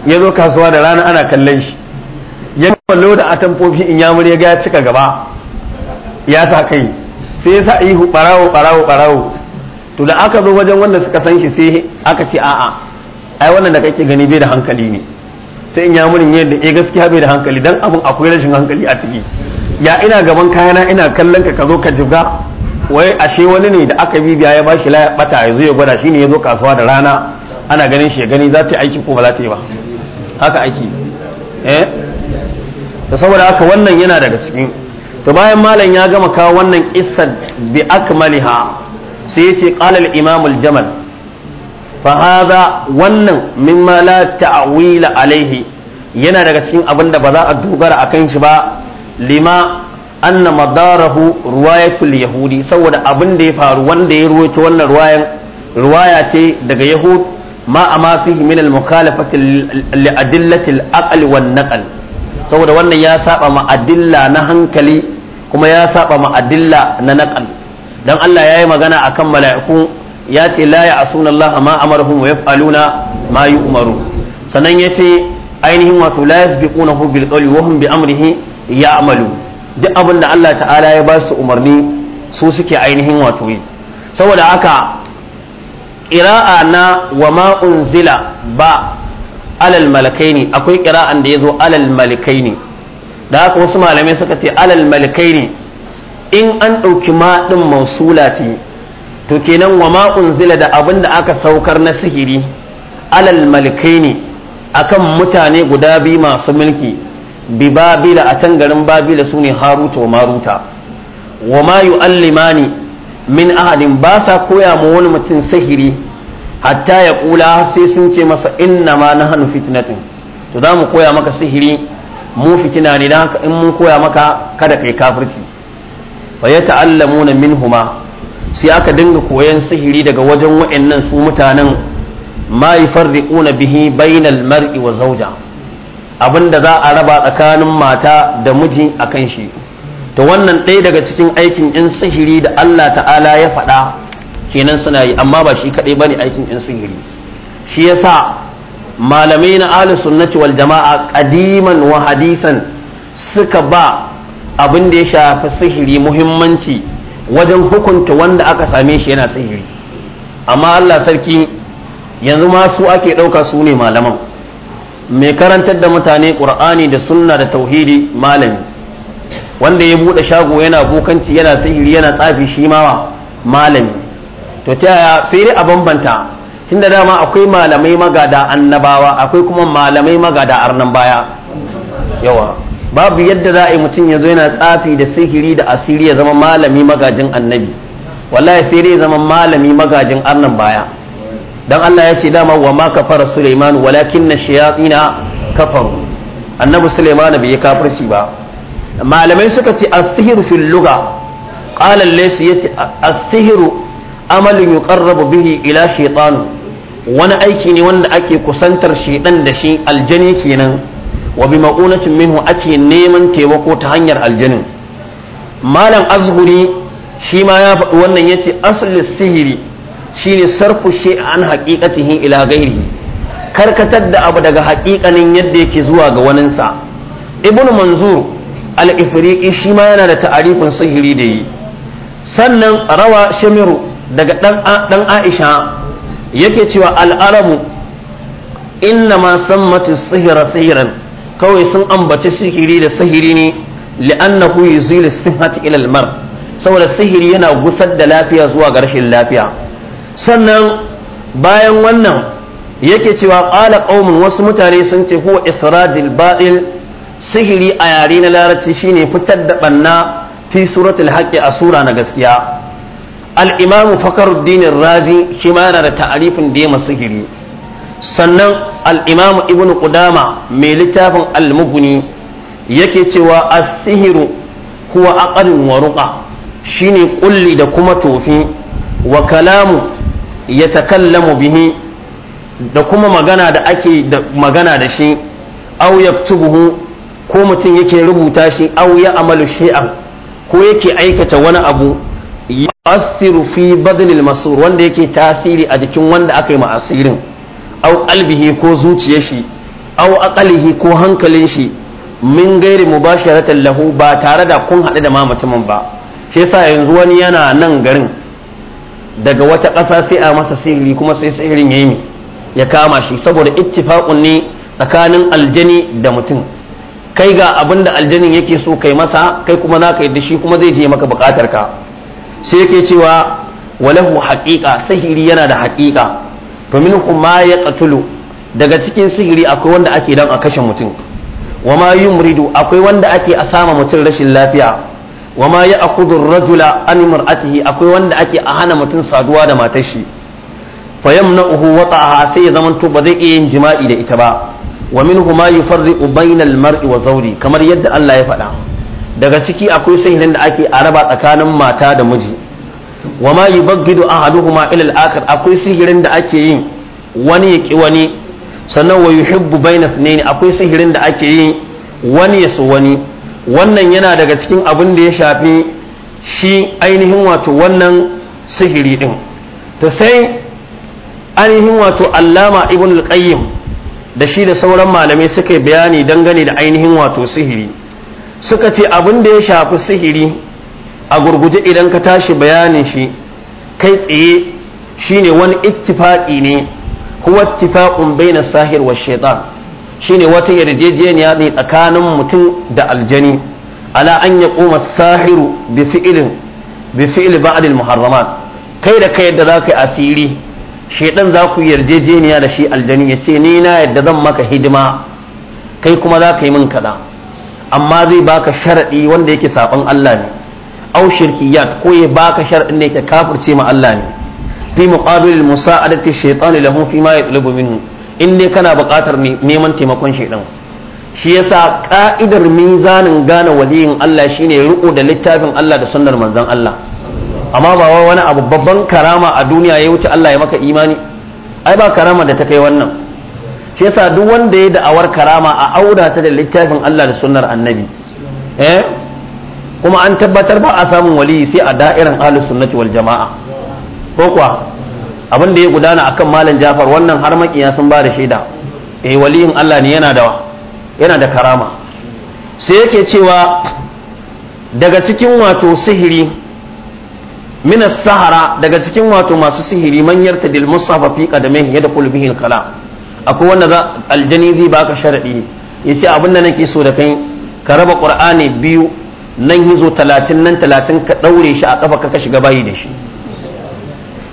ya zo kasuwa da rana ana kallon shi ya kwallo da atamfofi in ya ya ga cika gaba ya sa kai sai ya sa yi barawo barawo barawo to da aka zo wajen wanda suka san shi sai aka ce a'a ai wannan da kake gani bai da hankali ne sai in yamurin yadda eh gaskiya bai da hankali dan abin akwai rashin hankali a ciki ya ina gaban kayana ina kallon ka ka zo ka jibga wai ashe wani ne da aka bibiya ya bashi laya bata ya zo ya gwada shine ya zo kasuwa da rana ana ganin shi ya gani za ta yi aiki ko ba za ta yi ba haka aiki eh to saboda haka wannan yana daga cikin to bayan malam ya gama kawo wannan qissan bi akmaliha sai yace qala al imam al jamal fa hadha wannan mimma la ta'wila alaihi yana daga cikin abin da ba za a dogara akan shi ba lima anna madarahu ruwayatul yahudi saboda abin da ya faru wanda ya ruwaito wannan ruwayan ruwaya ce daga yahud ma amma fihi min al mukhalafati li adillati al aql wan naql saboda wannan ya saba ma adilla na hankali kuma ya saba ma adilla na naqal dan Allah yayi magana akan mala'iku ya ce la ya'suna Allah ma amaruhum wa yaf'aluna ma yu'maru sannan yace ainihin wato la yasbiqunahu bil qawli wa hum bi amrihi ya'malu duk abin da Allah ta'ala ya ba su umarni su suke ainihin wato yi saboda haka ƙira'a na wa ma unzila ba alal malakaini akwai kira'an da ya zo alal malakaini da haka wasu malamai suka ce alal malakaini in an ɗauki maɗin ɗin mausula ce to kenan wa ma zila da abin da aka saukar na sihiri alal malakaini akan mutane guda biyu masu mulki bi babila a can garin babila su ne haruta wa maruta wa ma yu'allimani min ahadin ba sa koya ma wani mutum sihiri hatta ya kula sai sun ce masa inna ma na hannu fitinatin, to za mu koya maka sihiri mu fitina ne don haka in mun koya maka kada kai kafirci fa ya min minhuma sai aka dinga koyan sihiri daga wajen waɗannan su mutanen ma ƙuna bihi bainal mar'i wa zauja abinda za a raba tsakanin mata da miji a kan shi to wannan ɗaya daga cikin aikin in sihiri da Allah ta'ala ya faɗa kenan suna yi amma ba shi kaɗai ne aikin yan sihiri shi yasa malamai na ahlus sunnati wal jama'a ƙadiman wa hadisan suka ba abin da ya shafi sihiri muhimmanci wajen hukunta wanda aka same shi yana sihiri amma Allah sarki yanzu ma su ake ɗauka su ne malaman mai karantar da mutane ƙur'ani da sunna da tauhidi malami wanda ya buɗe shago yana bokanci yana sihiri yana tsafi shi ma malami to ta yaya sai dai a bambanta tunda dama akwai malamai magada annabawa akwai kuma malamai magada arnan baya yawa babu yadda za a yi mutum ya zo yana tsafi da sihiri da asiri ya zama malami magajin annabi wallahi sai dai zama malami magajin arnan baya dan Allah ya ce dama wa ma kafara Sulaiman walakin na shayatina kafaru annabi Sulaiman bai kafirci ba malamai suka ce as sihiru fil lugha qala laysa yati yace as amalin yuqarrabu bihi ila shaytanu wani aiki ne wanda ake kusantar shaidan da shi aljani kenan wa bi ma'unatin minhu ake neman taimako ta hanyar aljanin malam azguri shi ma ya faɗi wannan yace asalin sihiri shine sarfu shi an haqiqatihi ila ghairi karkatar da abu daga haƙiƙanin yadda yake zuwa ga waninsa Ibn manzur al-ifriqi shi ma yana da ta'arifin sihiri da yi sannan rawa shamiru daga ɗan aisha yake cewa al'arabu inna ma sammatu sihira sihiran kawai sun ambaci sihiri da sihiri ne li'annahu yuzilu sihhat ila al-mar saboda sihiri yana gusar da lafiya zuwa ga lafiya sannan bayan wannan yake cewa ƙala qaumun wasu mutane sun ce huwa isradil baɗin sihiri a yare na larabci shine fitar da banna fi suratul haqqi a sura na gaskiya al'imamu fakaruddin razi shi ma yana da ta'arifin da sihiri sannan al'imamu ibn Ƙudama mai littafin almuguni yake cewa asihiru kuwa aqalin wa shine kulli da kuma tofi wa kalamu ya takallamu bihi da kuma magana da ake da magana da shi aw yaktubuhu ko mutum yake rubuta shi aw ya amalu shay'an ko yake aikata wani abu asiru fi badalil masur wanda yake tasiri a jikin wanda aka yi ma'asirin, au qalbihi ko zuciyar shi au aqalihi ko hankalin shi min gairi mubasharatan lahu ba tare da kun haɗu da ma mutumin ba shi yasa yanzu wani yana nan garin daga wata ƙasa sai a masa sihiri kuma sai sihirin ya yi ya kama shi saboda ittifaqun ne tsakanin aljani da mutum kai ga abinda da aljanin yake so kai masa kai kuma za ka yi shi kuma zai je maka buƙatar ka sai yake cewa walahu haƙiƙa sihiri yana da haƙiƙa to minhum ma yaqtulu daga cikin sihiri akwai wanda ake dan a kashe mutum wa ma yumridu akwai wanda ake a sama mutum rashin lafiya wa ma ya'khudhu ar-rajula an mar'atihi akwai wanda ake a hana mutum saduwa da matar shi fa yamna'uhu wata'aha sai ya zamanto ba zai iya yin jima'i da ita ba wa minhum ma yufarriqu bainal mar'i wa zawji kamar yadda Allah ya faɗa daga ciki akwai sai da ake araba tsakanin mata da miji wa ma yubaggidu ahaduhuma ila al-akhar akwai sihirin da ake yin wani ya ki wani sannan wa yuhibbu bayna ne akwai sihirin da ake yin wani ya so wani wannan yana daga cikin abin da ya shafi shi ainihin wato wannan sihiri din to sai ainihin wato allama ibn al-qayyim da shi da sauran malamai suka yi bayani dangane da ainihin wato sihiri suka ce abin da ya shafi sihiri a gurguje idan ka tashi bayanin shi kai tsaye shine wani ittifaqi ne huwa ittifaqun baina sahir wa shaytan shine wata yarjejeniya ne tsakanin mutum da aljani ala an kuma sahiru bi fi'lin bi fi'li ba'd al muharramat kai da kai yadda yi asiri shaiɗan za ku yarjejeniya da shi aljani yace ni na yadda zan maka hidima kai kuma za ka yi min kaɗa amma zai baka sharaɗi wanda yake saban Allah ne au shirkiyat ko ya baka sharadin da yake kafirce ma Allah ne fi muqabil musa'adati shaytan lahu fi ma yatlubu minhu in dai kana buƙatar neman taimakon shaytan shi yasa ka'idar mizanin gane waliyin Allah shine riko da littafin Allah da sunnar manzon Allah amma ba wani abu babban karama a duniya ya wuce Allah ya maka imani ai ba karama da ta kai wannan shi yasa duk wanda ya da'awar karama a auda ta da littafin Allah da sunnar annabi eh kuma an tabbatar ba a samun waliyi sai a da'irin ahlus sunnati wal jama'a ko kuwa abin da ya gudana akan malam Jafar wannan har makiya sun ba da shaida eh waliyin Allah ne yana da yana da karama sai yake cewa daga cikin wato sihiri minas sahara daga cikin wato masu sihiri man yartadil musafa fi qadamihi yadkhulu bihi al-kalam akwai wanda za aljani zai baka sharadi ya ce abin da nake so da kai ka raba ƙur'ani biyu nan hizo talatin nan talatin ka ɗaure shi a kafa ka shiga bayi da shi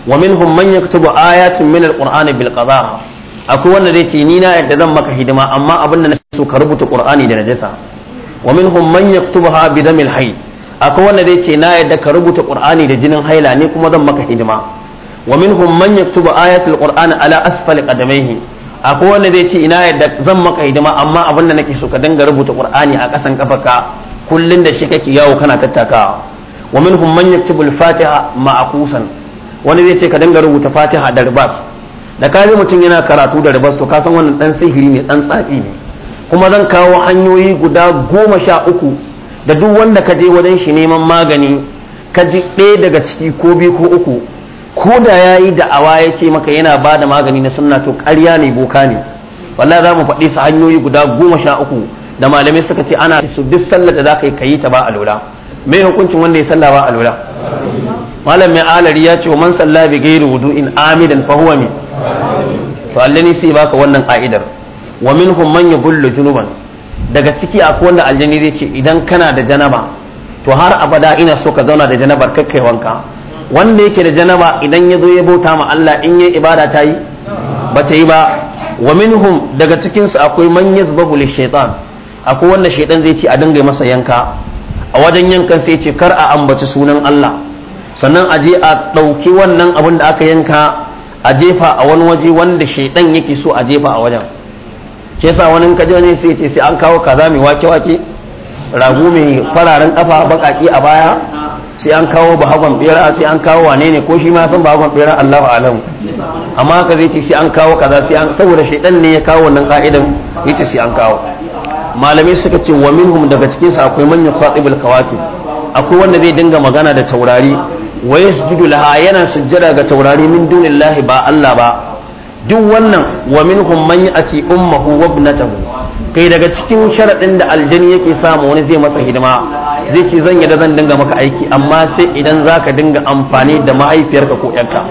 wa minhum man yaktubu ayatin min alqur'ani bil qada akwai wanda zai ce ni na yadda zan maka hidima amma abin da na so ka rubuta qur'ani da najasa wa minhum man yaktubuha bi damil hayy akwai wanda zai ce na yadda ka rubuta ƙur'ani da jinin haila ne kuma zan maka hidima wa minhum man yaktubu ayatul qur'ani ala asfali qadamayhi akwai wanda zai ce ina yadda zan maka hidima amma abin da nake so ka dinga rubuta qur'ani a kasan kafarka kullun da shi kake yawo kana tattakawa wa minhum man yaktubu al-fatiha ma'kusan wani zai ce ka dinga rubuta fatiha da ribas da ka ji mutum yana karatu da ribas to ka san wannan dan sihiri ne dan tsafi ne kuma zan kawo hanyoyi guda goma sha uku da duk wanda ka je wajen shi neman magani ka ji ɗaya daga ciki ko biyu ko uku ko da ya yi awa ya ce maka yana ba da magani na sunna to ƙarya ne boka ne wallahi za mu faɗi su hanyoyi guda goma sha uku da malamai suka ce ana su duk sallar da za ka yi ka ta ba a lura Me hukuncin wanda ya salla ba a lura malam mai alari ya ce wa man salla bi gairi in amidan fa huwa min to Allah ne sai baka wannan ka'idar wa minhum man yabullu junuban daga ciki akwai wanda aljani zai ce idan kana da janaba to har abada ina so ka zauna da janabar kakkai wanka wanda yake da janaba idan ya zo ya bauta ma Allah in yi ibada ta yi ba ta yi ba wa minhum daga cikinsu akwai man yazbahu shaytan akwai wanda shaytan zai ce a dinga masa yanka a wajen yankan sai ce kar a ambaci sunan Allah sannan a je a ɗauki wannan abin da aka yanka a jefa a wani waje wanda shaytan yake so a jefa a wajen ke sa wani kaje ne sai ce sai an kawo kaza mai wake wake ragu mai fararen kafa bakaki a baya sai an kawo hagon bera sai an kawo wane ne ko shi ma san hagon bera Allahu alam amma ka zai ce sai an kawo kaza sai an saboda shaidan ne ya kawo wannan ka'idan yace sai an kawo malamai suka ce wa minhum daga cikin sa akwai manyan yusatibul kawakib akwai wanda zai dinga magana da taurari wa yasjudu laha yana sujjada ga taurari min dunillahi ba Allah ba duk wannan wa minhum man yati ummuhu wa ibnatahu kai daga cikin sharaɗin da aljani yake samu wani zai masa hidima zai ce zan da zan dinga maka aiki amma sai idan za ka dinga amfani da mahaifiyarka ko yarka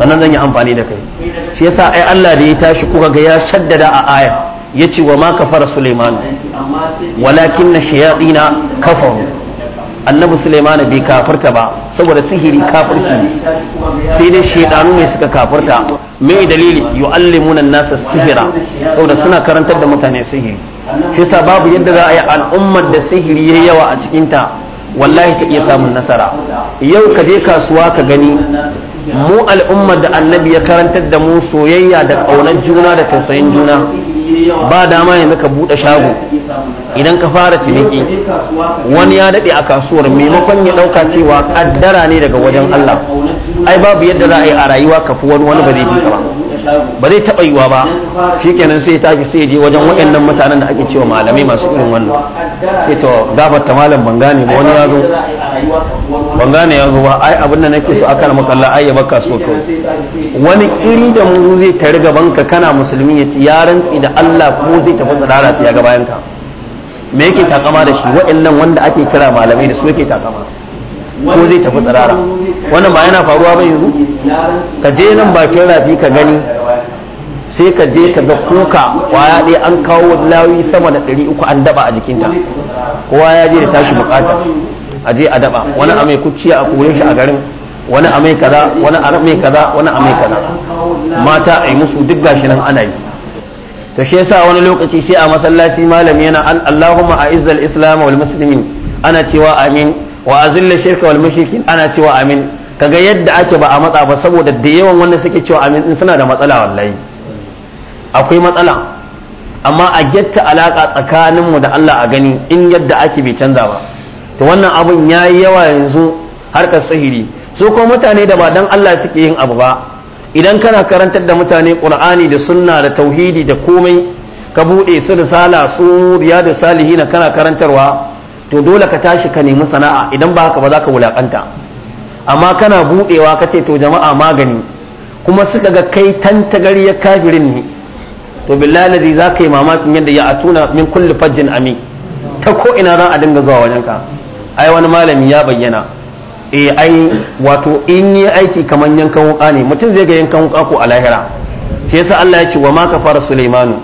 sannan zan yi amfani da kai shi yasa ai Allah da ya tashi kuka ga ya shaddada a aya ya ce wa ma kafara Suleiman walakin na shayaɗina kafaru annabi Suleiman bai kafarta ba saboda sihiri kafirci ne sai dai shaidanu ne suka kafarta mai dalili yu'allimuna nasa sihira saboda suna karantar da mutane sihiri shi sa babu yadda za a yi al'ummar da sihiri ya yawa a cikinta, wallahi ta iya samun nasara yau ka je kasuwa ka gani mu al'ummar da annabi ya karantar da mu soyayya da ƙaunar juna da tausayin juna ba dama yanzu ka buɗe shago idan ka fara ciniki wani ya daɗe a kasuwar maimakon ya ɗauka cewa ƙaddara ne daga wajen Allah ai babu yadda za a yi a rayuwa ka wani wani ba zai ba ba zai taɓa yiwa ba shi kenan sai tafi sai je wajen waɗannan mutanen da ake cewa malamai masu irin wannan sai to ta malam ban gane ba wani ya zo ban gane ya zo ba ai abin da nake so aka maka Allah ai ya baka so to wani kiri da mu zai ta riga banka kana musulmi ya rantsi da Allah ko zai tafi tsirara ya ga bayan ka me yake takama da shi waɗannan wanda ake kira malamai da su yake takama ko zai tafi tsirara wannan ba yana faruwa ba yanzu ka je nan bakin rafi ka gani sai ka je ka ga kuka kwaya ɗaya an kawo lawi sama da ɗari uku an daba a jikinta kowa ya je da tashi bukata a je a daba wani a mai kuciya a kore shi a garin wani a mai kaza wani a mai kaza wani a mai kaza mata a yi musu duk gashi nan ana yi to shi yasa wani lokaci sai a masallaci malami yana an Allahumma a'izzal islam wal muslimin ana cewa amin wa azilla shirka wal mushrikin ana cewa amin kaga yadda ake ba a matsa ba saboda da yawan wanda suke cewa amin din suna da matsala wallahi akwai matsala amma a getta alaka tsakaninmu da Allah a gani in yadda ake bai canza ba to wannan abun yi yawa yanzu har ka sihiri su ko mutane da ba dan Allah suke yin abu ba idan kana karantar da mutane qur'ani da sunna da tauhidi da komai ka bude su risala su salihi salihina kana karantarwa to dole ka tashi ka nemi sana'a idan ba haka ba za ka wulakanta amma kana buɗewa ka ce to jama'a magani kuma suka ga kai tantagar ya kafirin ne to billahi za ka yi mamakin yadda ya a tuna min kulli fajjin ami ta ko ina ran a dinga zuwa wajenka ai wani malami ya bayyana eh ai wato in yi aiki kamar yankan wuka ne mutum zai ga yankan wuka ko a lahira shi yasa Allah ya ce wa ma ka fara sulaimanu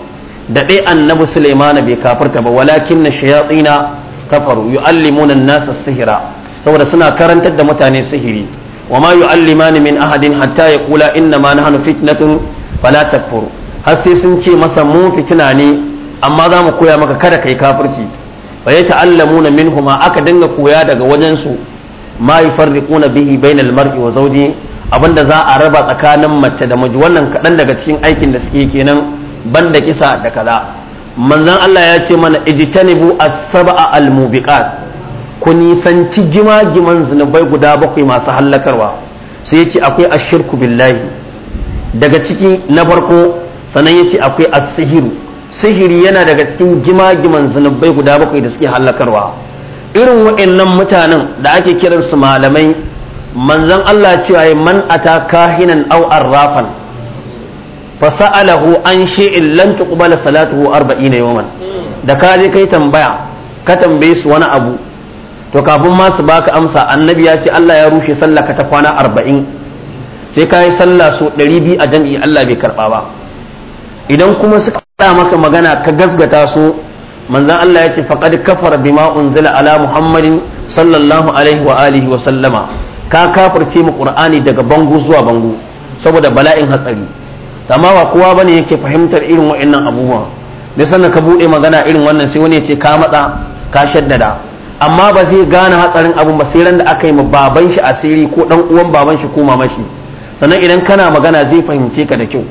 da dai annabi sulaimanu bai kafirta ba walakin na shayatsina kafaru yu'allimuna an-nasa sihira saboda suna karantar da mutane sihiri wa ma yu'allimani min ahadin hatta yaqula inna ma nahnu fitnatun fala takfur har sai sun ce masa mu fitina ne amma za mu koya maka kada kai kafirci fa ya ta'allamuna minhuma aka dinga koya daga wajen su ma yufarriquna bihi bainal mar'i wa zawji abinda za a raba tsakanin mace da miji wannan kadan daga cikin aikin da suke kenan banda kisa da kaza manzon Allah ya ce mana ijtanibu as-sab'a al-mubiqat ku nisanci gima-giman zunubai guda bakwai masu hallakarwa sai yace akwai ashirku billahi daga ciki na farko sannan yace akwai asihiru sihiri yana daga cikin gima-giman zunubai guda bakwai da suke hallakarwa irin waɗannan mutanen da ake kiran su malamai manzon Allah cewa man ata kahinan aw arrafan fasa'alahu an shay'in lam tuqbala salatuhu 40 yawman da ka je kai tambaya ka tambaye su wani abu to kafin ma su baka amsa annabi ya ce Allah ya rushe sallah ka ta kwana arba'in sai ka sallah su ɗari biyu a jam'i Allah bai karɓa ba idan kuma suka faɗa maka magana ka gasgata su manzon Allah ya ce faqad kafar bima unzila ala muhammadin sallallahu alaihi wa alihi wa sallama ka kafirce mu qur'ani daga bango zuwa bango saboda bala'in hatsari amma ba kowa bane yake fahimtar irin wa'annan abubuwa da sannan ka buɗe magana irin wannan sai wani ya ce ka matsa ka shaddada amma ba zai gane hatsarin abin ba sai ran da aka yi ma baban shi asiri ko dan uwan baban shi ko mama shi sannan idan kana magana zai fahimce ka da kyau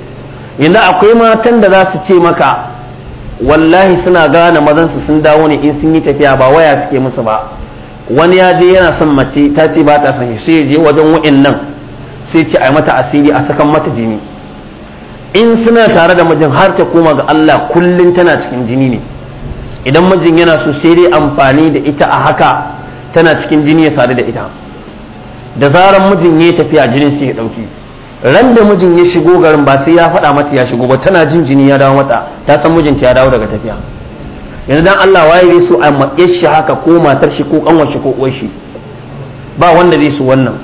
yanzu akwai matan da za su ce maka wallahi suna gane mazan su sun dawo ne in sun yi tafiya ba waya suke musu ba wani ya je yana son mace ta ce ba ta son sai ya je wajen wa'annan sai ce ai mata asiri a sakan mata jini in suna tare da mijin har ta koma ga Allah kullun tana cikin jini ne idan mijin yana so sai dai amfani da ita a haka tana cikin jini ya sadu da ita da zarar mijin ya tafiya jinin sai ya dauki ran da mijin ya shigo garin ba sai ya faɗa mata ya shigo ba tana jin jini ya dawo mata ta san mijinta ya dawo daga tafiya yanzu dan Allah waye zai so a maƙe shi haka ko matar shi ko kanwar shi ko uwar shi ba wanda zai so wannan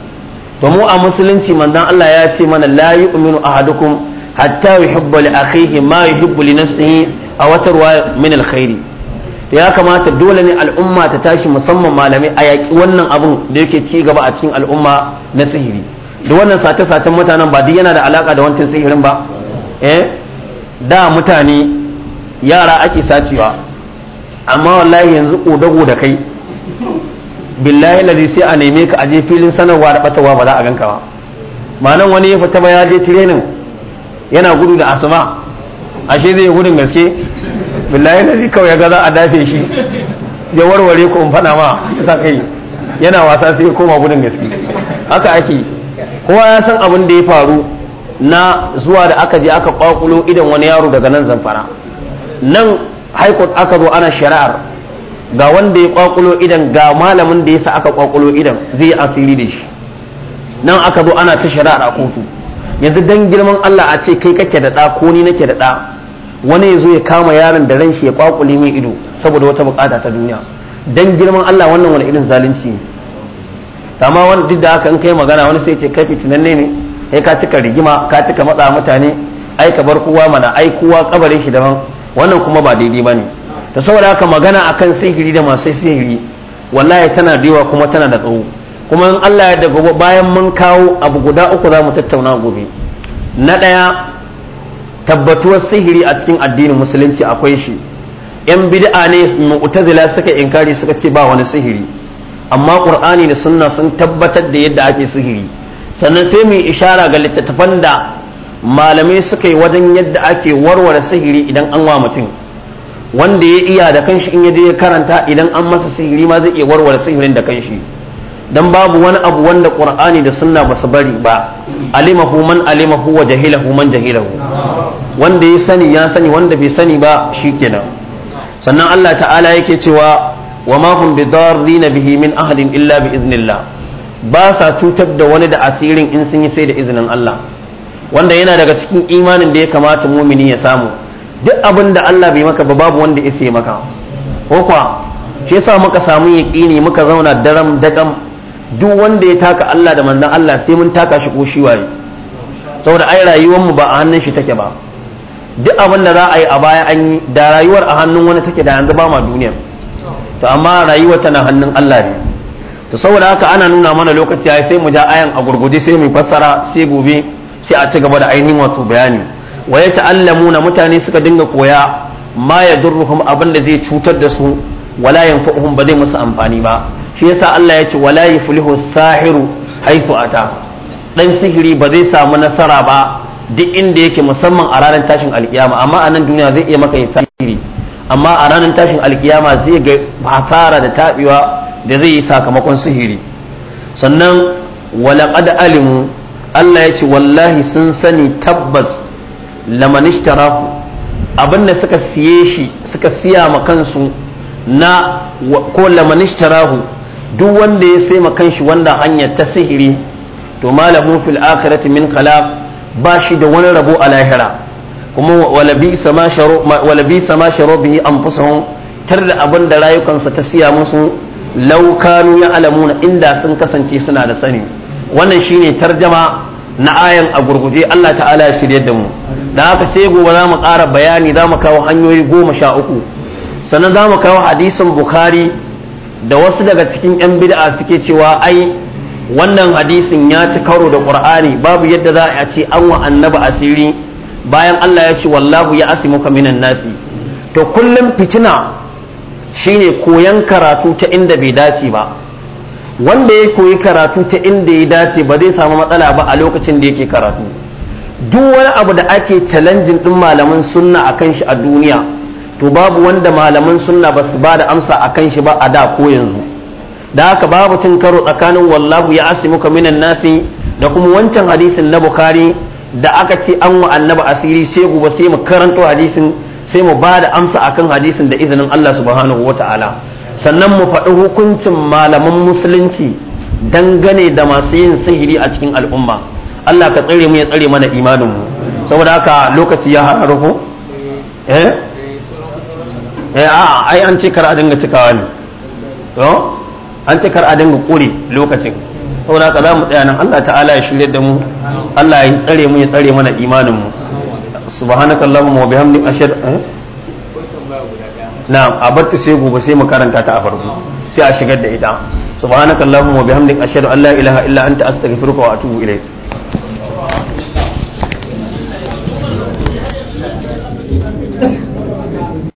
to mu a musulunci manzon Allah ya ce mana la yu'minu ahadukum hatta yuhibba li akhihi ma yuhibbu li nafsihi a wata ruwa min alkhairi ya kamata dole ne al'umma ta tashi musamman malamai a yaƙi wannan abun da yake ci gaba a cikin al'umma na sihiri da wannan sace-sacen mutanen ba duk yana da alaka da wancan sihirin ba eh da mutane yara ake sacewa amma wallahi yanzu ƙodago da kai billahi lazi sai a neme ka aje filin sanarwa da batawa ba za a ganka ba manan wani ya fita ba ya je tirenin yana gudu da asuba ashe zai gudun gaske billahi na kawai ya ga za a dafe shi ya warware ko in ma yasa kai yana wasa sai ya koma gudun gaske haka ake kowa ya san abin da ya faru na zuwa da aka je aka kwakulo idan wani yaro daga nan zamfara nan haikot aka zo ana shari'ar ga wanda ya kwakulo idan ga malamin da ya sa aka kwakulo idan zai yi asiri da shi nan aka zo ana ta shari'ar a kotu yanzu dan girman Allah a ce kai kake da ɗa ko ni nake da ɗa wani ya zo ya kama yaron da ran shi ya kwakule mai ido saboda wata bukata ta duniya dan girman Allah wannan wani irin zalunci ne amma wani duk da haka in kai magana wani sai ce kai fitinanne ne kai ka cika rigima ka cika matsa mutane ai ka bar kowa mana ai kowa kabarin shi daban wannan kuma ba daidai bane to saboda haka magana akan sihiri da masu sihiri wallahi tana da kuma tana da tsawo kuma in Allah ya daga bayan mun kawo abu guda uku za mu tattauna gobe na ɗaya tabbatuwar sihiri a cikin addinin musulunci akwai shi yan bid'a ne mu'tazila suka inkari suka ce ba wani sihiri amma ƙur'ani da sunna sun tabbatar da yadda ake sihiri sannan sai mu ishara ga littattafan da malamai suka yi wajen yadda ake warware sihiri idan an wa mutum wanda ya iya da kanshi in ya je ya karanta idan an masa sihiri ma zai iya warware sihirin da kanshi dan babu wani abu wanda ƙur'ani da sunna ba su bari ba alimahu man alimahu wa jahilahu man jahilahu wanda ya sani ya sani wanda bai sani ba shi kenan sannan Allah ta'ala yake cewa wa ma hum bidarrin bihi min ahadin illa bi iznillah ba sa cutar da wani da asirin in sun yi sai da izinin Allah wanda yana daga cikin imanin da ya kamata mumini ya samu duk abin da Allah bai maka ba babu wanda ya maka ko kwa shi yasa muka samu yaqini muka zauna daram dakam duk wanda ya taka Allah da manzon Allah sai mun taka shi ko shi waye saboda ai rayuwar mu ba a hannun shi take ba duk abin da za a yi a baya an yi da rayuwar a hannun wani take da yanzu ba ma duniya to amma rayuwar tana hannun Allah ne to saboda haka ana nuna mana lokaci yayi sai mu ja ayan a gurguje sai mu fassara sai gobe sai a ci gaba da ainihin wato bayani wa ya na mutane suka dinga koya ma durruhum abin da zai cutar da su wala yanfa'uhum ba zai musu amfani ba shi yasa Allah ya ce wala yuflihu sahiru haythu ata dan sihiri ba zai samu nasara ba duk inda yake musamman a ranar tashin alkiyama amma a nan duniya zai iya maka tasiri amma a ranar tashin alkiyama zai ga hasara da taɓewa da zai yi sakamakon sihiri sannan walaƙad alimu Allah ya ce wallahi sun sani tabbas lamanishtarahu abinda suka siye shi suka siya ma kansu na ko lamanishtarahu duk wanda ya sai ma kanshi wanda hanyar ta sihiri to malamu fil akhirati min khalaq ba shi da wani rabo a lahira kuma walabi sama sharo bihi an fi sahun tar da abin da rayukansa ta siya musu laukanu ya alamuna inda sun kasance suna da sani wannan shi shine tarjama na ayan a gurguje Allah ta'ala ya shirye da mu da haka sai gobe za mu ƙara bayani za mu kawo hanyoyi goma sha uku sannan za mu kawo hadisin bukari da wasu daga cikin 'yan bid'a suke cewa ai wannan hadisin ya ci karo da qur'ani babu yadda za a ce an wa annabi asiri bayan Allah ya ce wallahu ya asimuka minan nasi to kullum fitina shine koyan karatu ta inda bai dace ba wanda ya koyi karatu ta inda ya dace ba zai samu matsala ba a lokacin da yake karatu duk wani abu da ake challenging din malaman sunna akan shi a duniya to babu wanda malaman sunna ba su ba da amsa akan shi ba a da ko yanzu da aka babu cin karo tsakanin wallahu ya asimuka minan nasi da kuma wancan hadisin na bukhari da aka ce an wa annabi asiri sai guba sai mu karanto hadisin sai mu ba da amsa akan hadisin da izinin Allah subhanahu wata'ala sannan mu faɗi hukuncin malaman musulunci dangane da masu yin sihiri a cikin al'umma Allah ka tsare mu ya tsare mana imanin mu saboda haka lokaci ya hararufo eh eh a ai an ce kar dinga cikawa ne to an ce kar a dinga kore lokacin saboda haka za mu tsaya nan Allah ta'ala ya shirye da mu Allah ya tsare mu ya tsare mana imanin mu subhanakallahumma wa na'am a batta sai gobe sai mu karanta ta a farko sai a shigar da ita subhanakallahumma wa bihamdika ashhadu an la ilaha illa anta astaghfiruka wa atubu ilayk